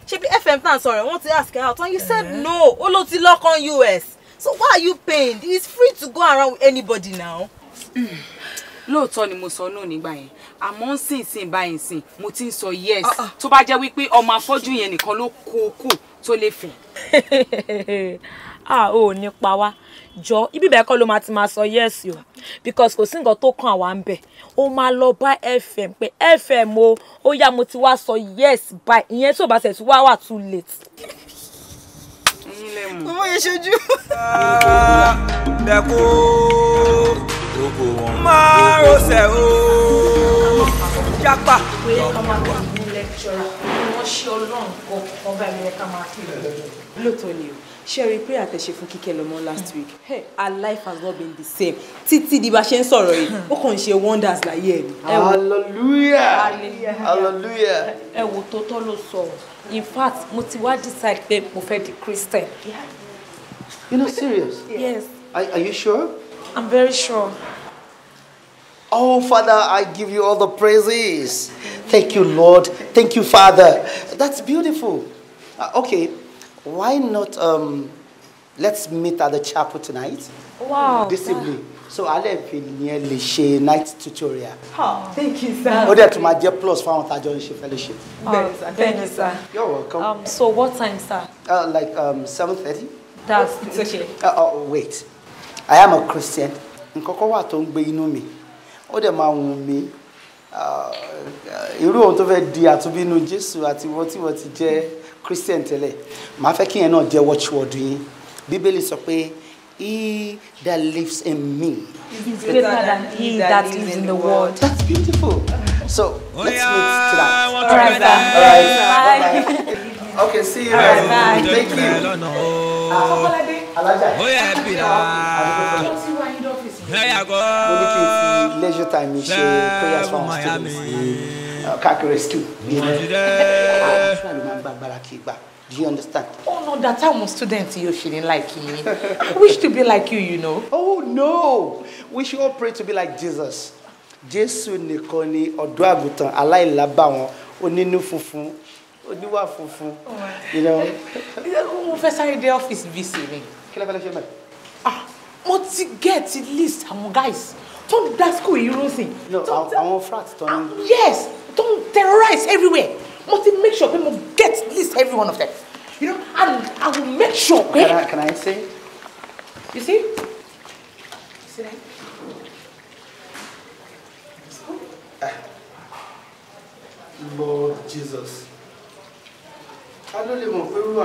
ṣé bí fm tán sọ̀rọ̀ wọn ti ask her out and you said no ó ló ti lọ́kàn us so why are you paying? It's free to go around with anybody now. Hmm. lóòótọ́ ni mo sọ náà nígbà yẹn àmọ́ ń sìn sìn báyìí sìn mo ti ń sọ yes ah, ah. tó bá jẹ́ wípé ọmọ afọ́jú yẹn nìkan ló kó o kù tó lè fẹ́. a ah, ò ní pa jọ ibi bẹ́ẹ̀ kọ́ ló máa ti máa sọ yes o because kò sí nǹkan tó kàn àwa ń bẹ̀ ó máa lọ bá fm pé fm o ó yá mo ti wá sọ yes báyìí ìyẹn tó bá ṣẹ̀ tún wá wà too late mọ̀mọ́ yẹn ṣojú. Ah, dẹ́kun máa rọṣẹ̀ o jápa. pé ọmọ àgbà ń lẹ́kṣọ́rà ránṣẹ́ ọlọ́run kọ̀ọ̀kan báyìí lẹ́ka máa fi lọ. lóòótọ́ ni o ṣe rí pé àtẹ̀ṣe fún kíkẹ́ lọ́mọ last week Her life has not been the same títí di bá ṣe ń sọ̀rọ̀ yìí ó kàn ń ṣe wonders láyé ẹ̀ hallelujah hallelujah. ẹ wo tó tọ́ ló sọ in fact mo ti wá decide pé mo fẹ́ di christian. you no serious? yes. are, are you sure? i'm very sure. Oh, Father, I give you all the praises. Thank you, Lord. Thank you, Father. That's beautiful. Uh, okay, why not um, let's meet at the chapel tonight? Wow. This evening. so alẹ́ fi yẹn lè ṣe night tutorial. thank you sir. ó to my dear plus fún àwọn tájọ́ fellowship. Oh, fellowship. Um, thank you sir. you're welcome. Um, so what time sir. Uh, like um, seven thirty. that's it's okay. Uh, oh, wait I am a Christian nǹkan kan wà tó ń gbé ó dẹ̀ máa wù mí irú ohun tó fẹ́ di àtúbínú Jésù àti wọn tí wọ́n ti jẹ́ Christian tẹ́lẹ̀ màá fẹ́ kí yẹn náà jẹ́ watchword yín Bíbélì sọ pé He that lives in me is greater than he that, lives in the world. That's beautiful. So oh, let's meet to that. All right, Bye. Bye. Okay, see you guys. bye. Thank you. Ah, oh yeah, happy mo leisure time ṣe prayers for our students eh, ah, do you understand. oh no that time was student You, she didn't like me i wish to be like you you know. oh no we should all pray to be like jesus Jesus nìkan ni ọ̀dọ́ àgùntàn aláìlábàwọ́n onínú funfun oníwà funfun. Oh, mo fẹ́ sáré dé ọ́fíìsì vc mi. kí ló fẹ́ lọ ṣe báyìí mo ti get least àwọn guys tó ń dá school yìí rúnsìn. àwọn frat tó ń. Ah, yes tó ń terrorize everywhere mo ti make sure pé mo get at least every one of them you know and i will make sure pé. can i can i say. you see. You Lord Jesus. A ló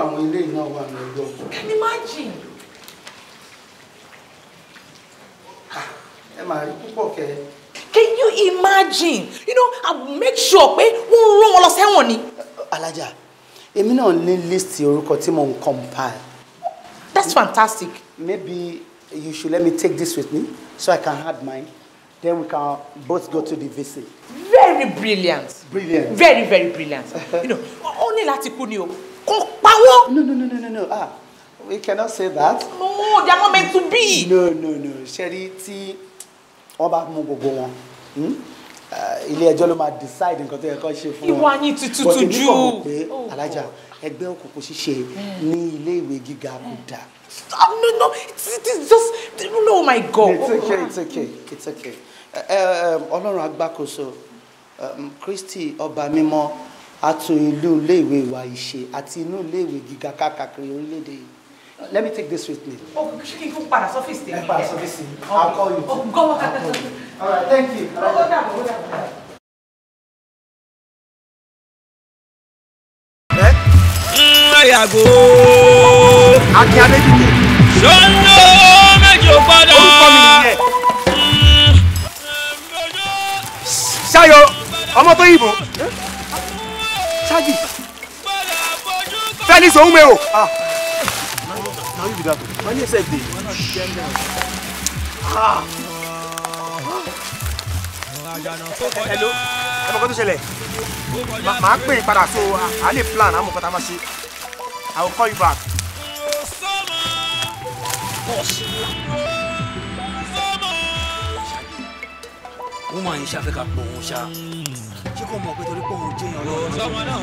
àwọn ilé ìnáwó àmì ọgbọ́n. Can you imagine? Can you imagine? You know, I will make sure pé wọ́n rán wọn lọ sẹ́wọ̀n ni. Alájà, èmi náà ní list orúkọ tí mo compile. That's fantastic. Maybe you should let me take this with me so I can add mine. Then we can both go to the VC. Very brilliant. Brilliant. Very, very brilliant. you know, only ní láti kú ni o. Kò pa No, no, no, no, no, no. Ah, we cannot say that. No, they are not meant to be. No, no, no. Sherry, tí wọ́n bá mú gbogbo wọn hmm? eh, ilé ẹjọ́ ló máa decide nǹkan tó yẹ kó ṣe fún wọn. ìwà yín ti tutù jù. nípa mọ̀ pé alájà ẹgbẹ́ òkùnkùn ṣíṣe hmm. ní ilé ìwé gíga kò hmm. dáa. no no it's, it's just no oh my god. it's okay it's okay it's okay eh, eh, um, ọlọ́run agbákòóso um, kristi ọba mímọ́ a tún ilé ìwé wa ìṣe àti inú ilé ìwé gíga káàkiri orílẹ̀-èdè yìí Let me take this with me. Oh, she can go para office. Yeah, I'll call you. Oh, go work All right, thank you. All right. Go down, go I can't Akin Adédìní. Ṣọ́nà méjì padà. Orúkọ mi nìyẹn. Mmm, Ṣáyọ̀ ọmọ tó yìnbọn. Eh? Ṣáàjì. How you be that? My name said they. Hello. Ẹ mọ̀ kó tó ṣẹlẹ̀. Màá pè é padà so à lè plan àmọ̀ kọ́ta máa ṣe. I will call you back. Boss. Wọ́n máa ń ṣàfẹ́ ká pọ̀ òun Ṣé kò mọ̀ pé torí pé òun jẹ́yàn lọ́wọ́? Sọ́mọ náà,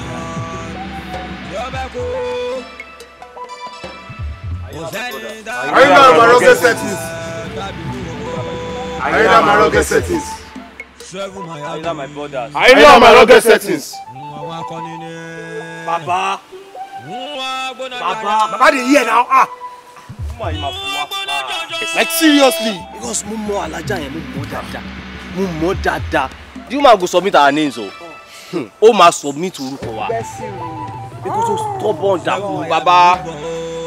yọ bẹ́ẹ̀ kó. Ayinla Maroke settings. Ayinla Maroke settings. Ayinla my brothers. Ayinla Maroke settings. Baba. Baba. Baba dey hear now. Ah. Like seriously. Because mo mọ Alaja yẹn mo mọ dáadáa. Mo mọ dáadáa. The woman go submit our names o. O ma submit orúkọ wa. Because o stubborn dàkú baba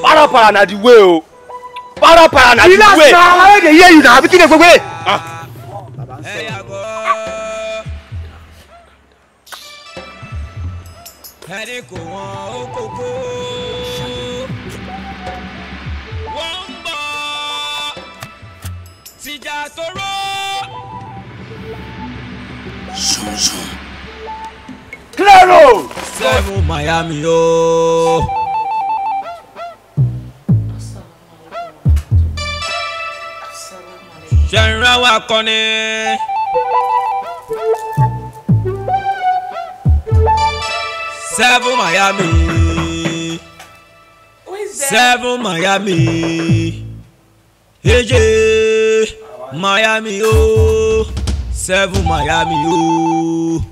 para para na the way o oh. para para na the way. relax na ayé dey hear you na àbí kí ni gbogbo ẹ. bàbá ń sọ. ẹni kò miami Oh. ṣẹ̀ńrán wa kọ́ni. Seven Miami. Seven Miami. Eje Miami o. Oh. Seven Miami o. Oh.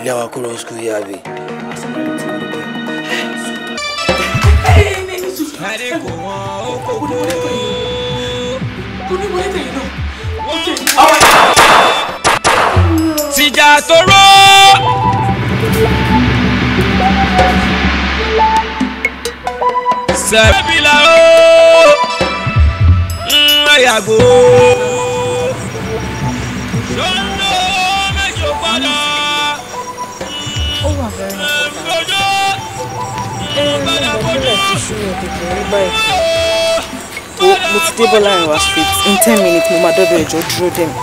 billahi wa kúrò skul yìí àbí. Adé kò wọ́n ó ó ń yàgò. ìṣòro òkùnkùn rí báyìí mo ti dé bọ́lá ìwà street in ten minutes mo máa dọ́dọ̀ ẹ̀jọ́ dúró dé mi.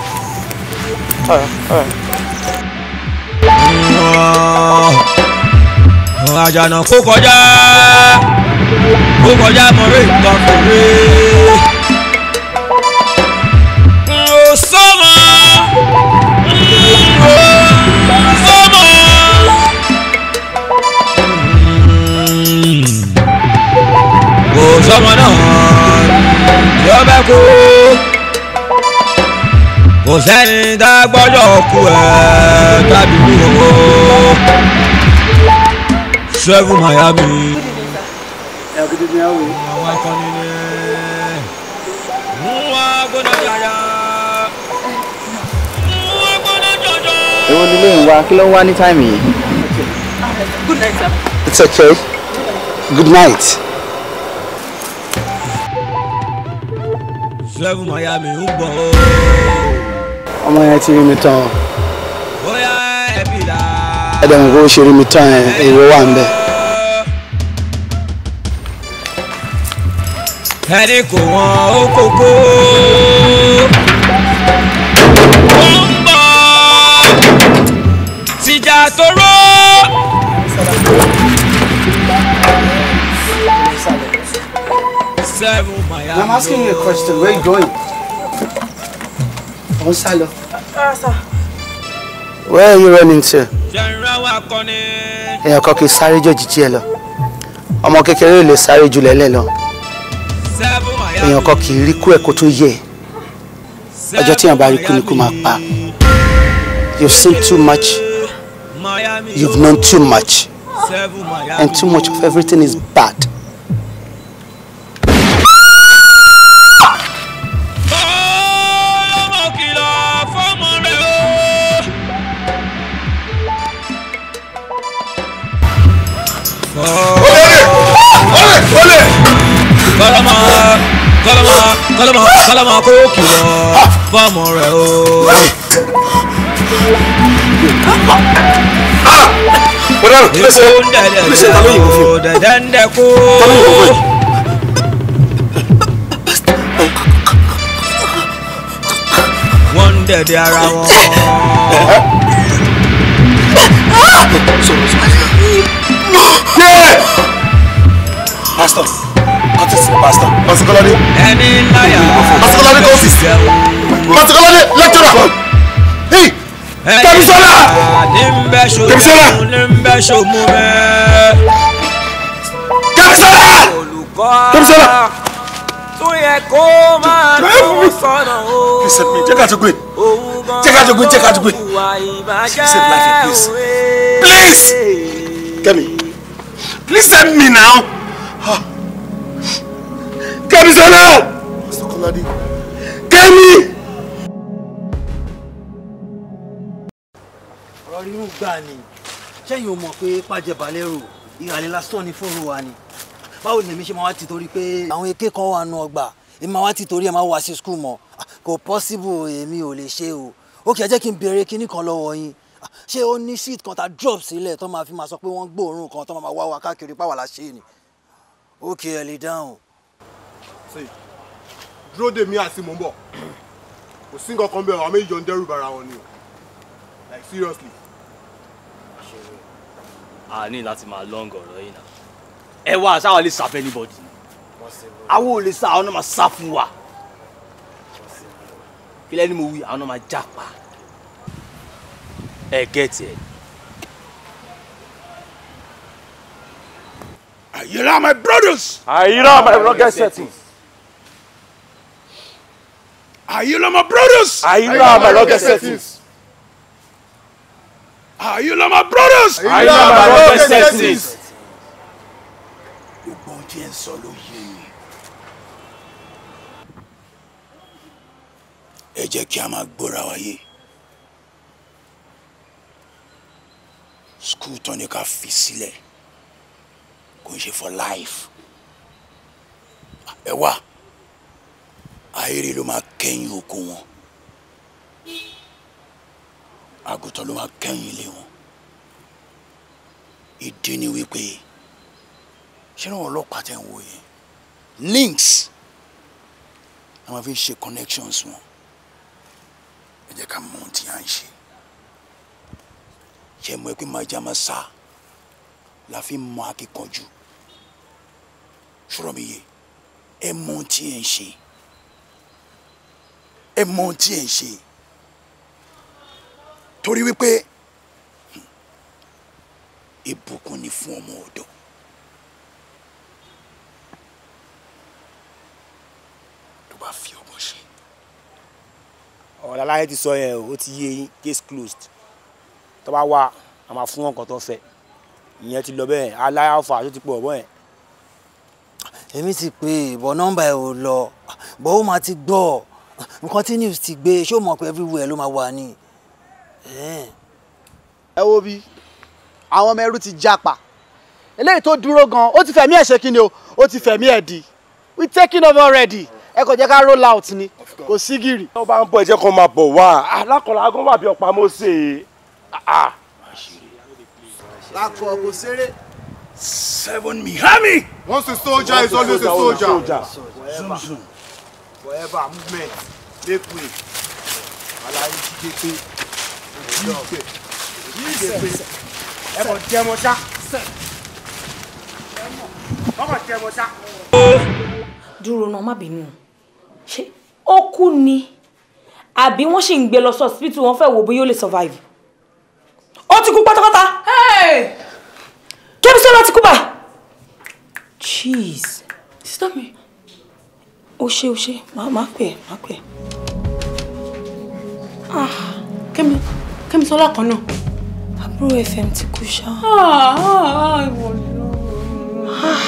àjànà kó kọjá kó kọjá mọ̀rẹ́ ìtàn fèrè. kú kò sẹ́ni tá a gbọ́dọ̀ kú ẹ̀ kábíyì o seven miami. èwo ni lè ń kí ló ń wá ní táìmì yìí. it's okay good night. twelve miami ń bọ̀ o. ọmọ yẹn ti rí mi tán. bóyá ẹbí la. ẹ̀dẹ̀ kò ṣe rí mi tán ẹ̀ èrò wà ń bẹ̀. ẹni kò wọ́n ó kókó. And I'm asking you a question. Where are you going? On Salo. Uh, Where are you running to? Èèyàn kan kì í sáré jọ jìjì ẹ lọ. Ọmọ kékeré lè sáré jù lẹ́lẹ̀ lọ. Èèyàn kan kì í rí kú You've seen too much. You've known too much. And too much of everything is bad. kọ́lọ́mọ kó kìlọ̀ fọ́ọ̀mù rẹ̀ o. èso ń dẹ̀dẹ̀ lóko dẹ̀dẹ̀ ń dẹ̀kú. wọ́n ń dẹ̀dẹ̀ ara wọn. Eh, eh, eh, Pastor. Artist pastor. Pàṣẹkọ́ládé. Ẹni láyà. Pàṣẹkọ́ládé kọ́ọ̀sìs. Pàṣẹkọ́ládé lẹ́tọ̀rà. Kẹ́misọ́lá. Kẹ́misọ́lá. please help me jẹ́ ká tó gbé jẹ́ ká tó gbé jẹ́ ká tó gbé save life please please Kẹ́mi please help me now. Huh. Ah. Kẹ́mi Sọlá. Mr. Kọ́ládé. Kẹ́mi. ọ̀rọ̀ rírú gbà ni ṣẹ́yìn ò mọ̀ pé pàjẹ́bàlérò ìhàlẹ́ lásán ni fóònù wa ni báwo ni èmi ṣe máa wá ti torí pé àwọn èké kan wà nù ọgbà èmi máa wá ti torí ẹ̀ máa wá sí skul mọ́ ah, kò pọ́síbù èmi ò lè ṣe o ó kì í jẹ́ kí n béèrè kinní kan lọ́wọ́ yín ah, ṣé ó ní sheet kan tá drop sílẹ̀ tó máa fi máa sọ pé wọ́n gbóòórùn kan tó máa wá wa káàkiri pàwọ́ la ṣe ni ó kì í ẹ̀ lè dáhùn sí dúró dèmí àti mò ń bọ̀ kò sí nǹkan kan bẹ́ẹ̀ àwọn méjì jọ ń dẹ́rù bara wọn ni o like seriously. a ní láti máa long ọ̀rọ̀ yìí náà ẹ wá sáwọn lè sàfẹ́ anybody àwọn ò lè sá àwọn náà máa sá fún wa kílẹ̀ ni mo wí àwọn náà máa já pa ẹ gẹ́ẹ̀tì ẹ̀. Ayira my brothers. Ayira my brothers Are you my brothers? Are you my Lord Excellencies? Are you my brothers? Are you my Lord Excellencies? Gbogbo tí ẹ sọ ló yé mi. Ẹ jẹ́ kí a máa gbọ́ra for life. Ewa. wá ayére ló máa kẹ́yìn oko wọn àgùntàn ló máa kẹ́yìn ilé wọn ìdí ni wípé ṣé náà ọlọ́pàá tẹ̀ ń wò yẹn links a máa fi ń ṣe connections wọn ẹ jẹ́ ká mọ ohun tí à ń ṣe ṣe mọ̀ pé màjàmá sá la fi mọ akíkanjú ṣùrọ̀ mi yé ẹ mọ ohun tí ẹ ń ṣe ẹ mọ ohun tí ẹ ń ṣe torí wípé ìbùkún ni fún ọmọ ọ̀dọ̀ tó bá fi ọgbọ́n ṣe. ọ̀rọ̀ aláyé ti sọ yẹn o ó ti yé case closed tó bá wà a máa fún wọn nǹkan tó fẹ́ ìyẹn ti lọ bẹ́ẹ̀ aláyàfà tó ti pọ̀ ọ̀bọ̀n yẹn. èmi ti pè é bọ́ nọ́mbà ẹ̀ ò lọ bọ́ ó máa ti gbọ́ ọ nǹkan tí news ti gbé ṣó mọ̀ pé everywhere ló máa wà ni. ẹ wo bí àwọn ọmọ ẹrú ti jápa eléyìí tó dúró gan ó ti fẹ̀mí ẹ̀ ṣe kí ni o ó ti fẹ̀mí ẹ̀ di we taking over already ẹ kò jẹ́ ká roll out ni kò sí gírì. tó bá ń bọ̀ ẹ jẹ́ kó máa bọ̀ wá alákọ̀ọ́lá agán wà bí ọ̀pá mo ṣe ah, é. Ah. lákọ̀ kò ṣeré. seven mihami. once a soldier is always a soldier. Zoom, zoom forever movement make way alaye jide pe ojú ìgbẹ jide pe ẹ mọ jẹ mọ ṣá ọmọ jẹ mọ ṣá. dúró náà má bínú ṣé ó kú ni àbí wọ́n sì ń gbé lọ sí hospital wọ́n wò bóyá ó lè survive ó ti kú pátápátá kébísọ́lá ti kú bá. jeez. stop me ó ṣe ó ṣe má pè é má pè é. kẹ́mi kẹ́mi sọ́lá kan náà. àbúrò fm ti kú ṣá. Ah, ah, ah,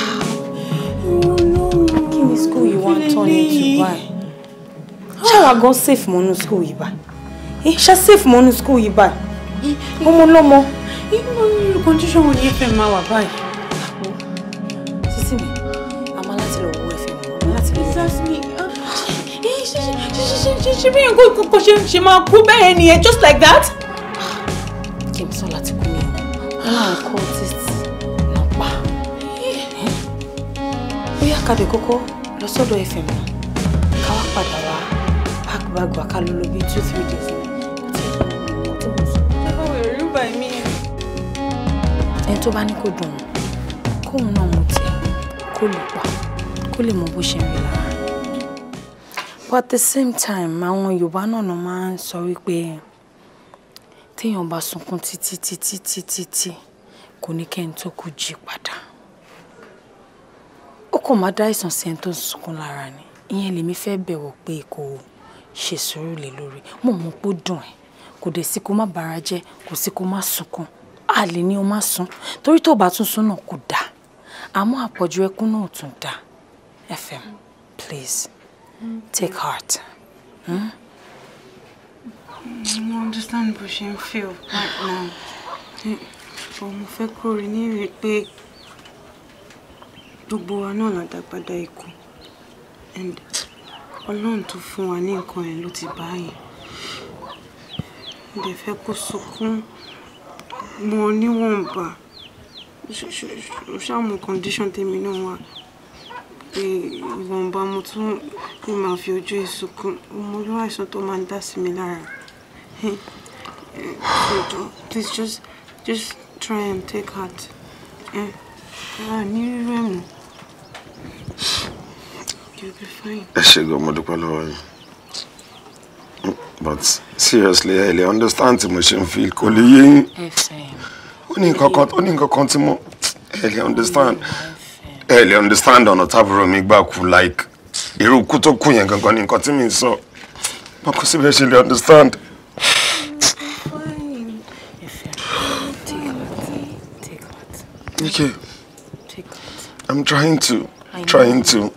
kí ni school yìí wá ń tán ní dubai ṣáwa gan safe mọ́nú school yìí báyìí ṣá safe mọ́nú school yìí báyìí ọmọ ọlọ́mọ. irú condition wo ni fm máa wà báyìí. She she she she she ṣe ṣe máa kú bẹ́ẹ̀ she just like that. kèmí sọ láti kú mi o ọlọ́run kọ́ títí náà pa bóyá kàdé kókó lọ sọ́dọ̀ fm náà ká wá padà wá pack bag wa ká lọ lọ bíi two three days ní ẹni tó bá ní kó dùn kóun náà mú tiẹ̀ kó lù pa kó lè mọ bó ṣe ń rí lára. But at the same time, àwọn Yorùbá náà ló máa ń sọ wípé téèyàn bá sunkún títí títí títí tí kò ní kẹ́ni tó kù jí padà. Ó kàn máa dá àìsàn sí ẹni tó ń sunkún lára ni. Ìyẹn lèmi fẹ́ bẹ̀ pé kó ṣe sùúrù lé lórí. Mo mọ̀ pé ó dùn ẹ́, kò dẹ̀ sí kó má bara jẹ́, kò sí kó má sunkún. A lè ní o má sun, torí tó bá tún sun náà kò dáa. Àmọ́ àpọ̀jù ẹkún náà ò tún dáa. FM, please. Take heart. Hmm? I understand bó she ń feel right now. But mo fẹ́ kó rí ní rí pé gbogbo wa náà la dàgbàdà ikú. And Ọlọ́run tó fún wa ní nǹkan yẹn ló ti báyìí. Mo dẹ̀ fẹ́ kó sunkún mọ níwọ̀nba. Ṣé àwọn condition tèmi náà wà? pé ìwọ̀nba mo tún ní màá fi ojú ìsunkún mo ló àìsàn tó máa ń dá sí mi lára eh, eh, please just just try and take heart eh, ah, ní ẹ̀mú you'll be fine. ẹ ṣe gan mo dúpẹ́ lọ́wọ́ yìí but seriously ẹ lè understand tí mo ṣe ń fi kò lè yé yín ó ní nǹkan kan tí mo ẹ lè understand ẹ eh, lè understand ọ̀nà tábúrò mi gbà kú like irú kú tó kú yẹn gangan ni nǹkan tí mi ń sọ wọn kò síbẹ̀ ṣe lè understand. Okay. I'm trying to. I trying to. I know.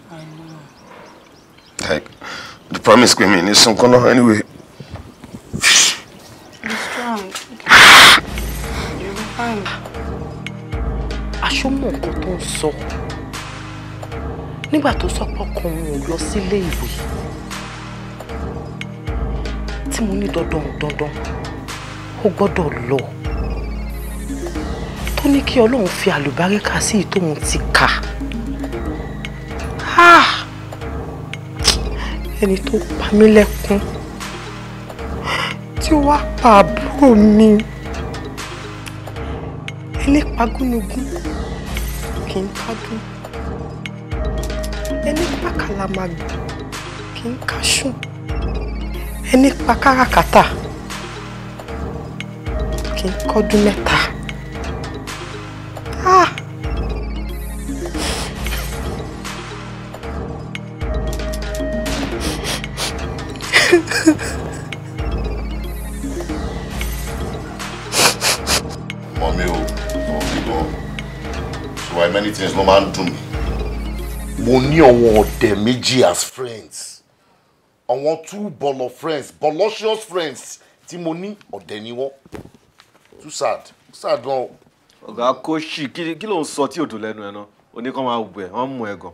Like, the promise came in. It's some kind of anyway. Be strong. You'll fine. Aṣọ mọ̀ nǹkan tó ń sọ nígbà tó sọ́pọ̀ kan òun ò lọ sílé ìwé tí mo ní dandan dandan ó gbọ́dọ̀ lọ tó ní kí ọlọ́run fi àlùbáríkà sí ìtòhun ti kà ah! ẹni tó pa mí lẹ́kún tí ó wá pa àbúrò mi ẹlẹ́pàá gúnugún kì í kádùn la máa gbà kí n ká sùn ẹ nípa káràkátà kí n kọ́dún mẹ́ta. mọ̀mí o mọ̀mí gan so why many things ló máa ń dùn mo ní àwọn ọ̀dẹ̀ méjì as friends àwọn two bọ̀lọ̀ friends bọ̀lọ́sious friends tí mo ní ọ̀dẹ̀ ni wọ́n too sad sad gan o. ọ̀gá kóṣì kí ló ń sọ tí òdò lẹ́nu ẹ̀ náà oníkan máa wù ẹ̀ wọ́n mú ẹ̀ gan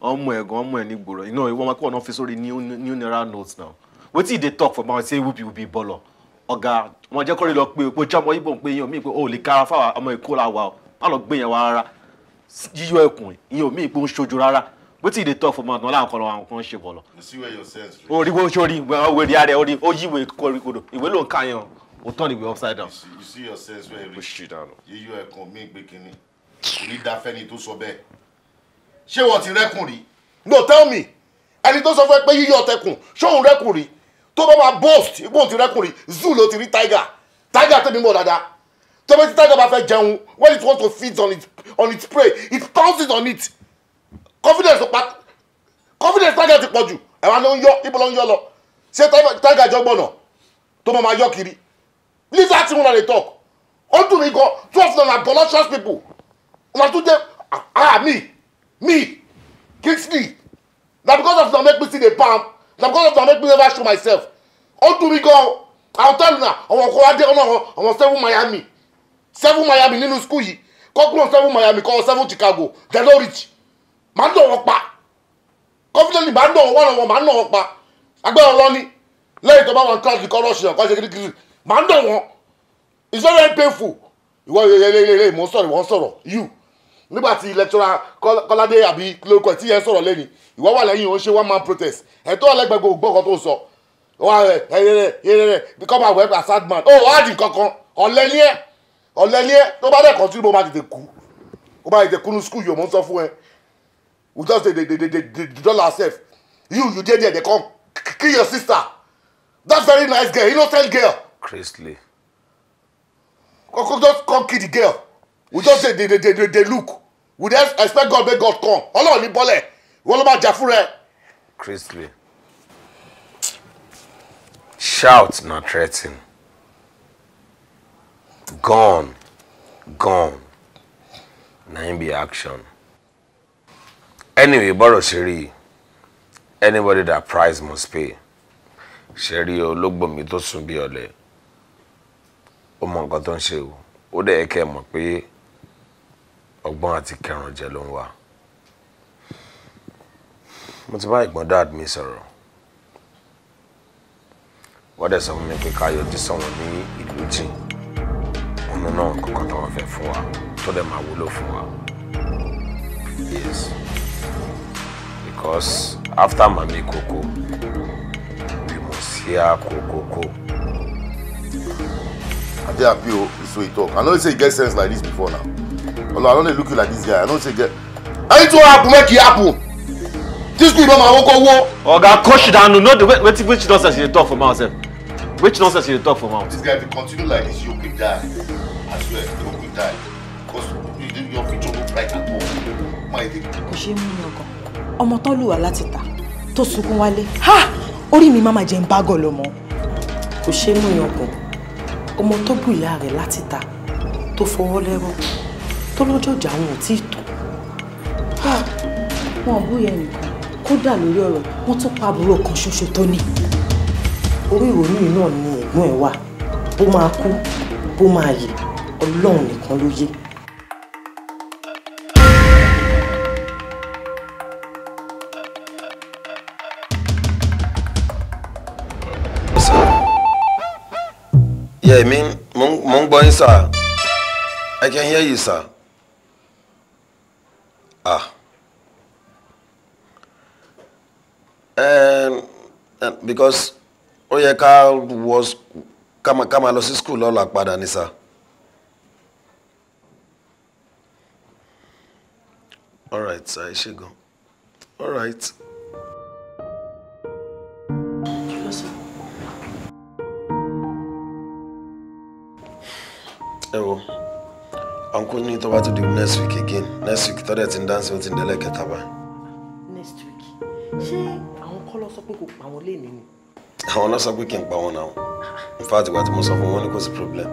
wọ́n mú ẹ̀ gan wọ́n mú ẹ̀ ní gbòòrò iná ìwọ́n máa kó ọ̀nà fi sórí new naira notes now wetin you dey talk for about say wubi wubi bọ̀lọ̀ ọ̀gá wọn jẹ́ kọ́rí lọ pé òpó jábọ̀ ibo ń pé yín omi pé o ò lè kára fáwọn ọmọ èkó la wà ó lọ gbé yẹn wá rárá yíyọ ẹkùn ìyẹn omi ìpò ń ṣojú rárá bó ti dè tọ́ fún ọmọ ọ̀dún láǹkan lọ àwọn kan ṣe bọ̀ lọ. orí bó ṣe orí ìwé rí ara ẹ orí yí ìwé koríkodò ìwé ló ń ka yẹn o turn the way upside down. you see your sense where you reach yíyọ ẹkùn mi gbé kínní orí dáfẹ́ni tó sọ bẹ́ẹ̀ ṣé wọ́n ti rẹ́kùn rí. no tell me ẹni tó sọ fẹ́ pé yíyọ tẹkùn ṣóun rẹ́kùn rí tó bá máa boast igbó ti rẹ́kùn rí zoo ló ti rí tiger tiger tẹ́mi mọ́ dáadáa tọ́bẹ̀ tí tiger bá fẹ́ jẹun when it want to feed on its on its prey it pounces on it confidence pa confidence tiger ti pọ̀ jù ẹ̀wọ̀n ló ń yọ ibo ló ń yọ lọ ṣé tiger jọ gbọ̀nà tó mọ̀ máa yọ kiri lizard ti wọn lọ dey talk ó dùn mí gan twelve na na voluptuous people una tún jẹ ah, ah me me kingsley na because of na make me see the palm na because of na make me never show myself ó dùn mí gan i will tell una ọmọ kọ́wádé ọmọ ọmọ seven miami seven miami nínú skul yìí kọ́kúrò seven miami kọ́ seven chicago delorich máa ń dọ̀ wọ́n pa confidently máa ń dọ̀ wọ́n lọ́wọ́ máa ń dọ̀ wọ́n pa agbára ọlọ́ni lẹ́yìn tó bá wọn kíláàsì kọ́ rọ́ọ̀ṣì ọ̀kọ́ ṣe kirikiri máa ń dọ̀ wọ́n it's very painful ìwọ ilé ìmọ̀ sọ̀rọ̀ ìwọ sọ̀rọ̀ you nígbà tí lẹ́tọ́ra kọ́ládé àbí lórúkọ tí yẹn sọ̀rọ̀ lẹ́ni ìwọ wà lẹ́yìn òun ṣe one man protest ẹ̀tọ́ ọlẹ́gbẹ̀gbẹ̀ ògbọ́kọ̀ tó sọ wà ẹ̀ ẹ̀ ẹ̀ ẹ̀ become aware as a sad man ó wádìí kankan ọ̀lẹ́ni ẹ̀ ọ̀lẹ ni ẹ tó bá dẹ̀ continue bó máa tètè kú ó máa tètè kú ní school yòó mo ń sọ fún ẹ we just dey dey dey dey dey dull ourselves you you dey there dey come kill your sister that very nice girl innocent girl. Christly. Come just come kill the girl we just dey dey dey dey dey look we dey expect God make God come Ọlọ́run ní bọ́lẹ̀ wọ́n ló máa jà fún rẹ. Christly. Shout na threaten gone gone na him be action anyway bọ́rọ̀ ṣe anybody that price must pay ṣe rí olóògbòmí tó sùn bí ọ̀lẹ ó mọ nǹkan tó ń ṣe o ó dẹ̀ yẹ kẹ́ ẹ mọ̀ pé ọgbọ́n jẹ ló ń wà mo ti bá ìgbọ́n dad mi sọ̀rọ̀ wọ́n dẹ̀ sọ fún mi pé ká yọjú sọ̀rọ̀ ní ìlú jìn. No, no, kankan tó ń fẹ́ fún wa tó yes because after mami koko we must hear kokoko. Ade Apio is way talk. I know say you get sense like this before now. Although I don't dey look you like this guy. I know say you get. Anything wey happen make e happen. This people don ma wo ko wo. Oga coach danu no dey wait which nonsense you dey talk for mouth sef. Which nonsense you dey talk for mouth. This guy if continue like this you go die. I swear, you will die. Because you, your future looks bright and all. My dear. Kò ṣe é mú ní ọkàn. Ọmọ tó lù wá láti Ha! Orí mi máma jẹ́ ń bá gọ̀ lọ́mọ. Kò ṣe é mú ní ọkàn. Ọmọ tó bù ìyá rẹ̀ láti ta, tó fọwọ́ lẹ́rọ, tó lọ́jọ́ ìjà wọn ò tí ì tó. Wọn ò bóyá pa àbúrò kan ṣoṣo tó ní. Orí ìrònú yìí ni ẹ̀gbọ́n ẹ̀ wà. Bó máa kú, bó máa yè ọlọ́run nìkan ló yé. Yeah, I mean, mo ń gbọ́ yín sir. I can hear you sir. Ah. Um, because ó yẹ ká wọ ká máa lọ sí school lọ́la padà ni sir. alright sir ẹ ṣe gan alright. ẹ wo uncle ní tó bá tún next week again next week tọ́dẹ̀ in dance with in the lake, dẹ́lẹ̀ kẹta next week She. àwọn kọ́ lọ sọ pé kò pa wọn léèní ni. àwọn náà sọ pé kí n pa wọn náà in fact ìgbà tí mo sọ fún wọn ni kò problem.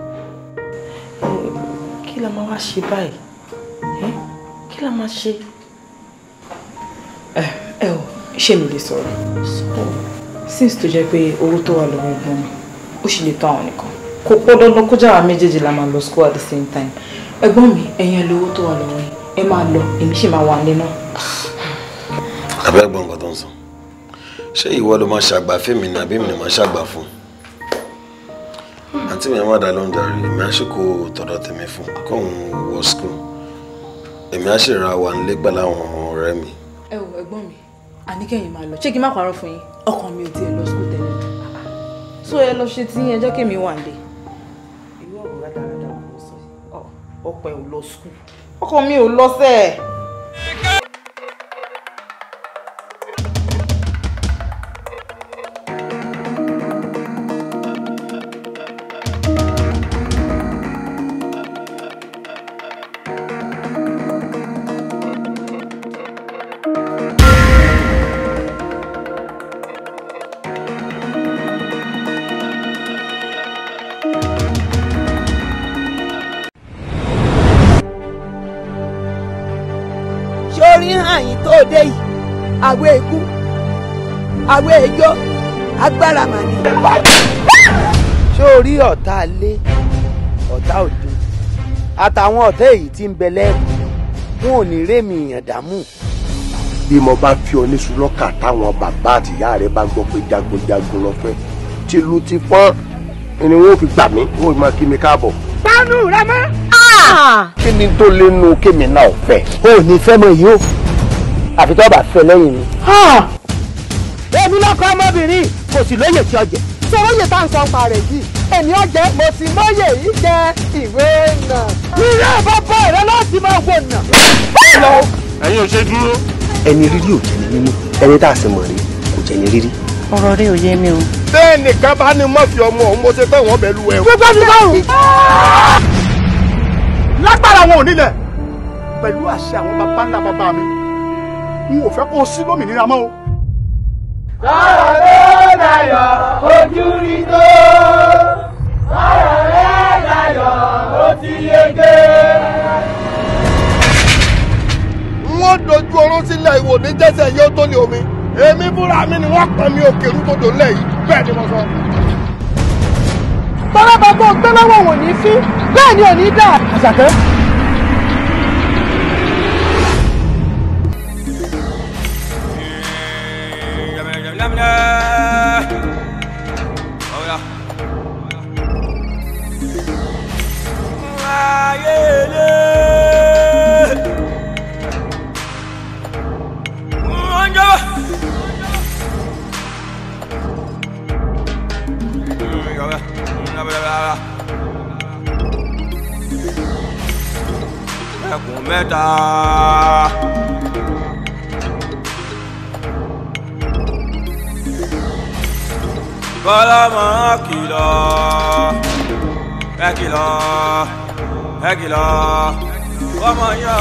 kí la máa wá ṣe báyìí kí la máa ṣe ṣé mi lè sọ̀rọ̀ so since tó jẹ́ pé owó tó wà lọ́wọ́ ẹ̀gbọ́n mi ó sì lè tó àwọn nìkan kò pọ́ dandan kó jáwa méjèèjì la máa lọ school at the same time ẹ̀gbọ́n mi ẹ̀yin ẹ̀ lówó tó wà lọ́wọ́ yìí ẹ máa lọ èmi sì máa wà ní náà. àbẹ́ gbọ́n nǹkan tó ń sọ ṣé ìwọ ló máa ṣàgbà fíìmù ni àbí mi ni ṣàgbà fún àǹtí mi má dáa ló ń èmi á sì kó tọ̀dọ̀ tèmi fún kóun wọ school èmi á sì ra wà nílé pẹ̀lú àwọn ọ̀rẹ́ mi. ẹ wo ẹ̀gbọ́n mi àníkẹ́yìn máa lọ ṣé kí n má parọ́ fún yín ọkàn mi ò tiẹ̀ lọ sùkúl tẹ́lẹ̀ so ẹ lọ ṣe tí ẹjọ́ kèmí wà nílé. irú ọ̀rọ̀ rádaràdà ò lọ sọ ọkọ ò lọ sùkúl. ọkọ mi ò lọ sẹ́ẹ̀. àwọn ẹjọ́ agbára mà ní. ṣé o rí ọ̀tá alé ọ̀tá òde àtàwọn ọ̀tá èyí tí ń bẹ lẹ́ẹ̀kọ́ wọn ò ní rémi èèyàn dààmú. bí mo bá fi ọ ní sulọ́kà táwọn bàbá àtìyá rẹ bá gbọ́ pé jagunjagun lọ fẹ́ tìlù ti fọ́n ni wọn ò fi gbà mí wọn máa kí mi káàbọ̀. pánú rẹ kí ni tó lé nu kémi náà fẹ́. o ò ní fẹ́ mọ yìí o àfi tó bá fẹ́ lẹ́yìn mi obìnrin kò sì lóye tí ọjẹ. ṣé lóye tá à sọ pa rẹ̀ yìí èmi ọjẹ mo sì lóye yìí jẹ ìwé nà. ilé bàbá rẹ láti máa wò nà. ẹ̀yin ò ṣe dúró. ẹni rírí ò jẹ́ ni mímú ẹni tá a sì mọ̀ rí kò jẹ́ ni rírí. ọ̀rọ̀ rẹ ò yé mi o. bẹ́ẹ̀ nìkan bá ní mọ́fì ọmọ òun mo ṣe tán wọn bẹ̀lú ẹ̀. gbogbo mi báwò. lágbára wọn ò nílẹ̀ pẹ̀lú àṣẹ àwọn bàbá ńlá bàbá mi n ò fẹ́ kó o sí lómìnira mọ́ o ọ̀rọ̀ tó dayọ̀ ojú rí tó. ọ̀rọ̀ rẹ̀ dayọ̀ ó ti yege. wọ́n dojú ọrún sílẹ̀ ìwò ní jẹ́sẹ̀ yóò tó ní omi èmi fúnra mi ni wọ́n pọ̀ mi òkè rúgbòdò lẹ́yìn bẹ́ẹ̀ ni mo sọ. tọ́lá bá gbọ́ gbẹ́lẹ́wọ̀n wò ní fín bẹ́ẹ̀ ni ò ní dà. àṣàkẹ́. ẹkùn mẹ́ta. kọ́lá máa kìlọ̀ ẹ kìlọ̀. Oh, ọmọya.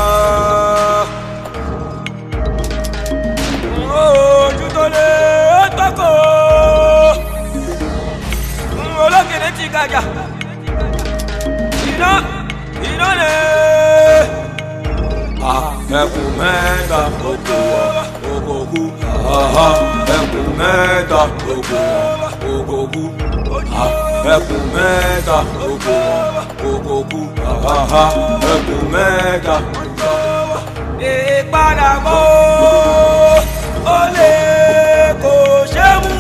Ojú tó lé tọ́kọ. Olókèlè ti gàjà. Iná iná lè. Ẹkùn mẹ́ta gbogbo ògògù. Ẹkùn mẹ́ta gbogbo ògògù ẹkùn mẹ́ta òkò wọn kòkò kú àhàhà ẹkùn mẹ́ta. ìpadà mọ́ ó lè kò ṣe mú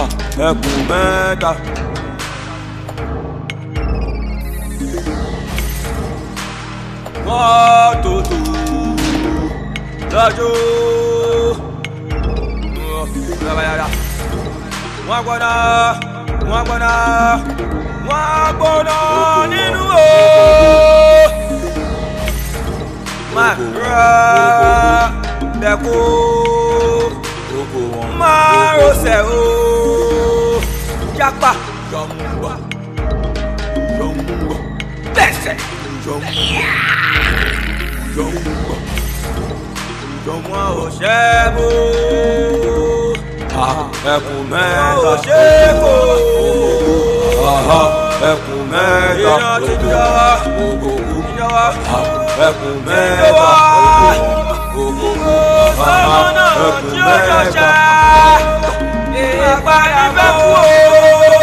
o. ẹkùn mẹ́ta. mọ́tò tó lọ́jọ́ wọ́n gbọ́dọ̀ wọ́n gbọ́dọ̀ wọ́n gbọ́dọ̀ nínú o máa rà bẹ́kú máa rọ̀ṣẹ̀ o jápa yọ̀mùgbà yọ̀mùgbà bẹ́sẹ̀ yọ̀mùgbà yọ̀mùgbà ṣùgbọ́n ò ṣe é bó. ẹkùn mẹ́ta ò ṣe é bó. ẹkùn mẹ́ta ò ṣe é bó ẹkùn mẹ́ta gbogbo ah, ẹkùn mẹ́ta. ìpàdé fẹ́ kú o.